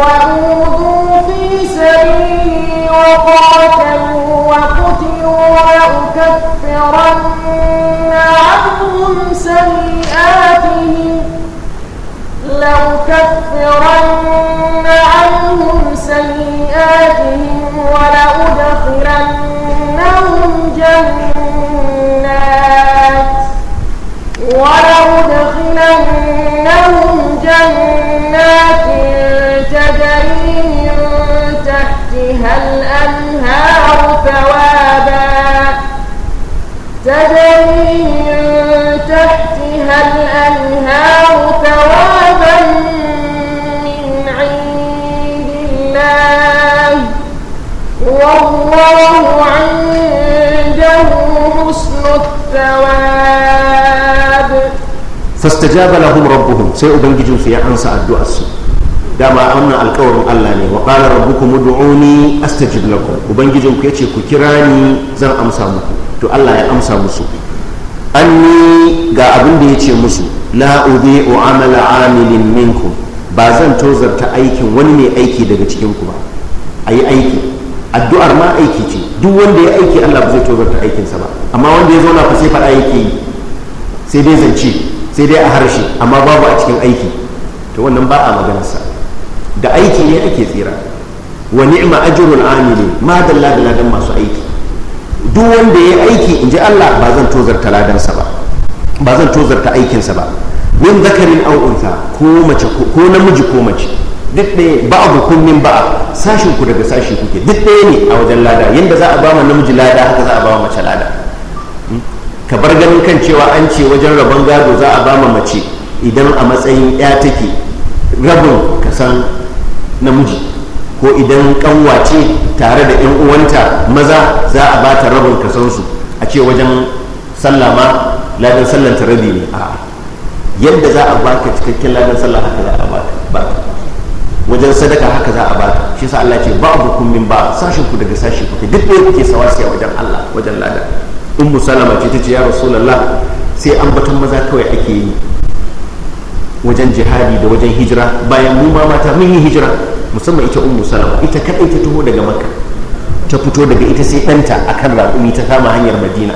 وأوذوا في سبيلي وقاتلوا وقتلوا لأكفرن عنهم سيئاتهم لأكفرن عنهم سيئاتهم ولأدخلنهم جنات ولأدخلنهم ثوابا تجري من تحتها الأنهار ثوابا من عند الله والله عنده حسن الثواب فاستجاب لهم ربهم سيؤبنججوا في عنصى الدعاء السوء dama wannan alkawarin Allah ne wa qala rabbukum ud'uni astajib lakum ubangijin ku yace ku kira ni zan amsa muku to Allah ya amsa musu anni ga abin da ya ce musu la udhi'u amala amilin minkum ba zan tozarta aikin wani mai aiki daga cikin ku ba ayi aiki addu'ar ma aiki ce duk wanda ya aiki Allah ba zai tozarta aikinsa ba amma wanda ya zauna fa sai faɗa aiki sai dai zance sai dai a harshe amma babu a cikin aiki to wannan ba a maganarsa da aiki ne ake tsira wa ni'ma ajrul amili ma dalla da ladan masu aiki duk wanda ya aiki inji Allah ba zan tozarta ladansa ba ba zan tozarta aikinsa ba min zakarin aw unsa ko mace ko namiji ko mace duk ɗaya ba abu kun min ba sashin ku daga sashi kuke duk ɗaya ne a wajen lada yadda za a ba ma namiji lada haka za a ba mace lada hmm? ka bar ganin kan cewa an ce wajen rabon gado za a ba ma mace idan a matsayin ɗaya take rabin ka san namiji ko idan kanwa ce tare da yan uwanta maza za a ba ta rabin kasansu a ce wajen sallah ma ladan sallan ta rabi ne a yadda za a ba ka cikakken ladan sallah haka za a ba ka wajen sadaka haka za a ba ka shi sa Allah ce babu kun min ba sashin ku daga sashi kuke duk ɗaya kuke sawasiya wajen Allah wajen ladan ummu salama ce ta ce ya rasulullah sai ambaton maza kawai ake yi wajen jihadi da wajen hijira bayan mu ma mata mun yi hijira musamman ita ummu salama ita kadai ta taho daga makka ta fito daga ita sai ɗanta akan raƙumi ta kama hanyar madina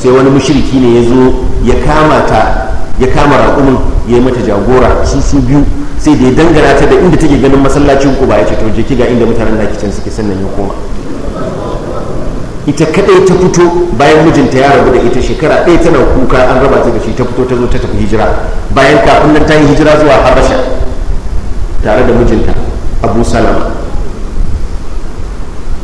sai wani mushriki ne ya zo ya kama ta ya kama raƙumin ya yi mata jagora su su biyu sai da ya dangana ta da inda take ganin masallacin ku ba ya ce to je ga inda mutanen da can suke sannan ya koma ita kadai ta fito bayan mijinta ya rabu da ita shekara ɗaya tana kuka an raba ta da shi ta fito ta zo ta tafi hijira bayan kafin nan ta yi hijira zuwa habasha tare da mijinta abu salama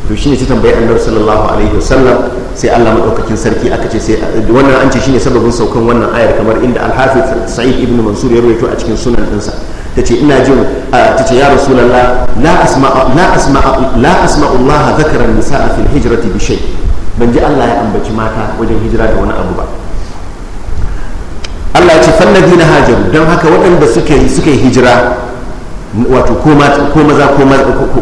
to shi ne ta tambayi annabi sallallahu alaihi wasallam sai allah maɗaukakin sarki aka ce sai wannan an ce shine sababin saukan wannan ayar kamar inda alhafiz sa'id ibn mansur ya rawaito a cikin sunan ɗinsa ta ce ina jin ta ce ya rasulallah la asma allah zakara nisa a fil hijrati bi shay ban ji allah ya ambaci mata wajen hijira da wani abu ba Allah ya ce fallabi na hajaru don haka waɗanda suka yi hijira wato ko maza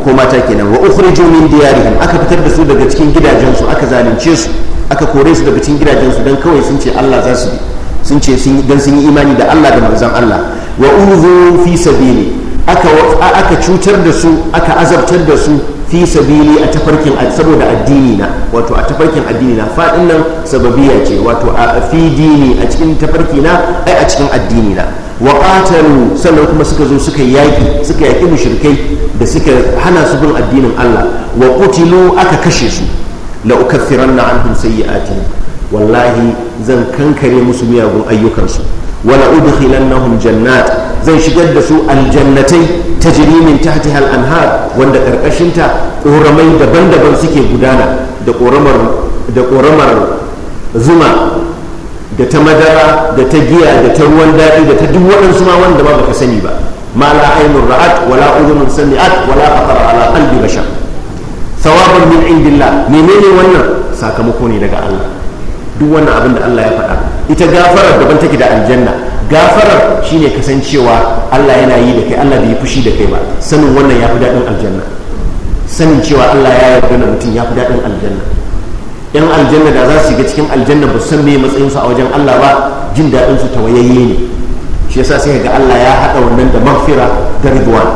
ko mata kenan wa ukhriju min diyarihim aka fitar da su daga cikin gidajensu aka zalunce su aka kore su daga cikin gidajensu don kawai sun ce Allah za su sun ce don sun yi imani da Allah da manzon Allah wa uzu fi sabili aka cutar da su aka azabtar da su fi sabili a tafarkin saboda addini na wato a tafarkin addini na fadin nan sababiya ce wato a fi dini a cikin tafarki na ai a cikin addini na wa qatalu sannan kuma suka zo suka yaki suka yaki mushrikai da suka hana su bin addinin Allah wa qutilu aka kashe su la ukaffiranna anhum sayyi'atihim wallahi zan kankare musu miyagun ayyukansu wala nahum jannat zai shigar da su aljannatai tajri min tahtiha al-anhar wanda ta koramai daban-daban suke gudana da koramar da koramar zuma da ta madara da ta giya da ta ruwan daɗi da ta duk waɗansu ma wanda ba baka sani ba ma la ainun ra'at wala udhunun sami'at wala khatar ala qalbi bashar thawabun min indillah menene wannan sakamako ne daga Allah duk wannan abin da Allah ya faɗa ita gafarar daban take da aljanna gafarar shine kasancewa Allah yana yi da kai Allah bai fushi da kai ba sanin wannan ya fi daɗin aljanna sanin cewa Allah ya yarda da mutum ya fi daɗin aljanna yan aljanna da za su shiga cikin aljanna ba san me matsayin su a wajen Allah ba jin daɗin su tawayayye ne shi yasa sai ga Allah ya haɗa wannan da maghfira da ridwan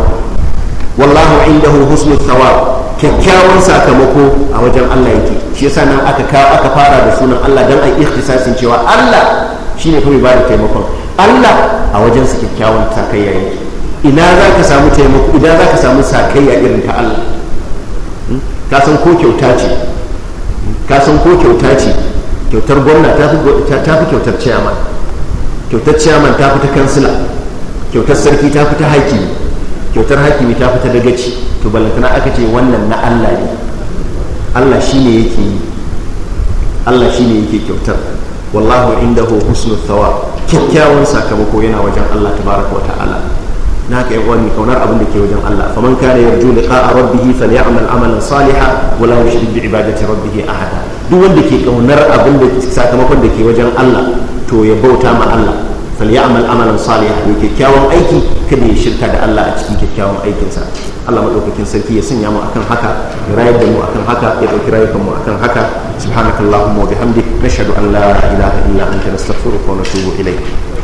wallahu indahu husnul thawab kyakkyawan sakamako a wajen Allah yake shi yasa nan aka aka fara da sunan Allah dan ai ikhtisasin cewa Allah shine fa mai bada taimakon Allah a wajen su kyakkyawan sakayya yake ina zaka samu taimako idan za ka samu sakayya irin ta Allah hmm? ka san ko kyauta ce hmm? ka san ko kyauta ce kyautar gwamna ta fi kyautar chairman kyautar ciyaman ta fi ta kansila kyautar sarki ta fi ta hakimi kyautar hakimi ta fita da gaci to ballantana aka ce wannan na allah ne allah shi ne yake yi allah shi ne yake kyautar wallahu ho husnu thawa kyakkyawan sakamako yana wajen allah tabaraka wa ta'ala na ka yawan mai kaunar abin da ke wajen Allah faman kana yarju liqa'a rabbih falyamal amalan saliha wala yushrik bi ibadati rabbih ahada duk wanda ke kaunar abin da sakamakon da ke wajen Allah to ya bauta ma Allah falyamal amalan Salih ya kyakkyawan aiki kada ya shirka da Allah a cikin kyakkyawan sa Allah madaukakin sarki ya sanya mu akan haka ya rayar da mu akan haka ya dauki rayukan mu akan haka subhanakallahumma wa bihamdik nashhadu an la ilaha illa anta nastaghfiruka wa natubu ilayk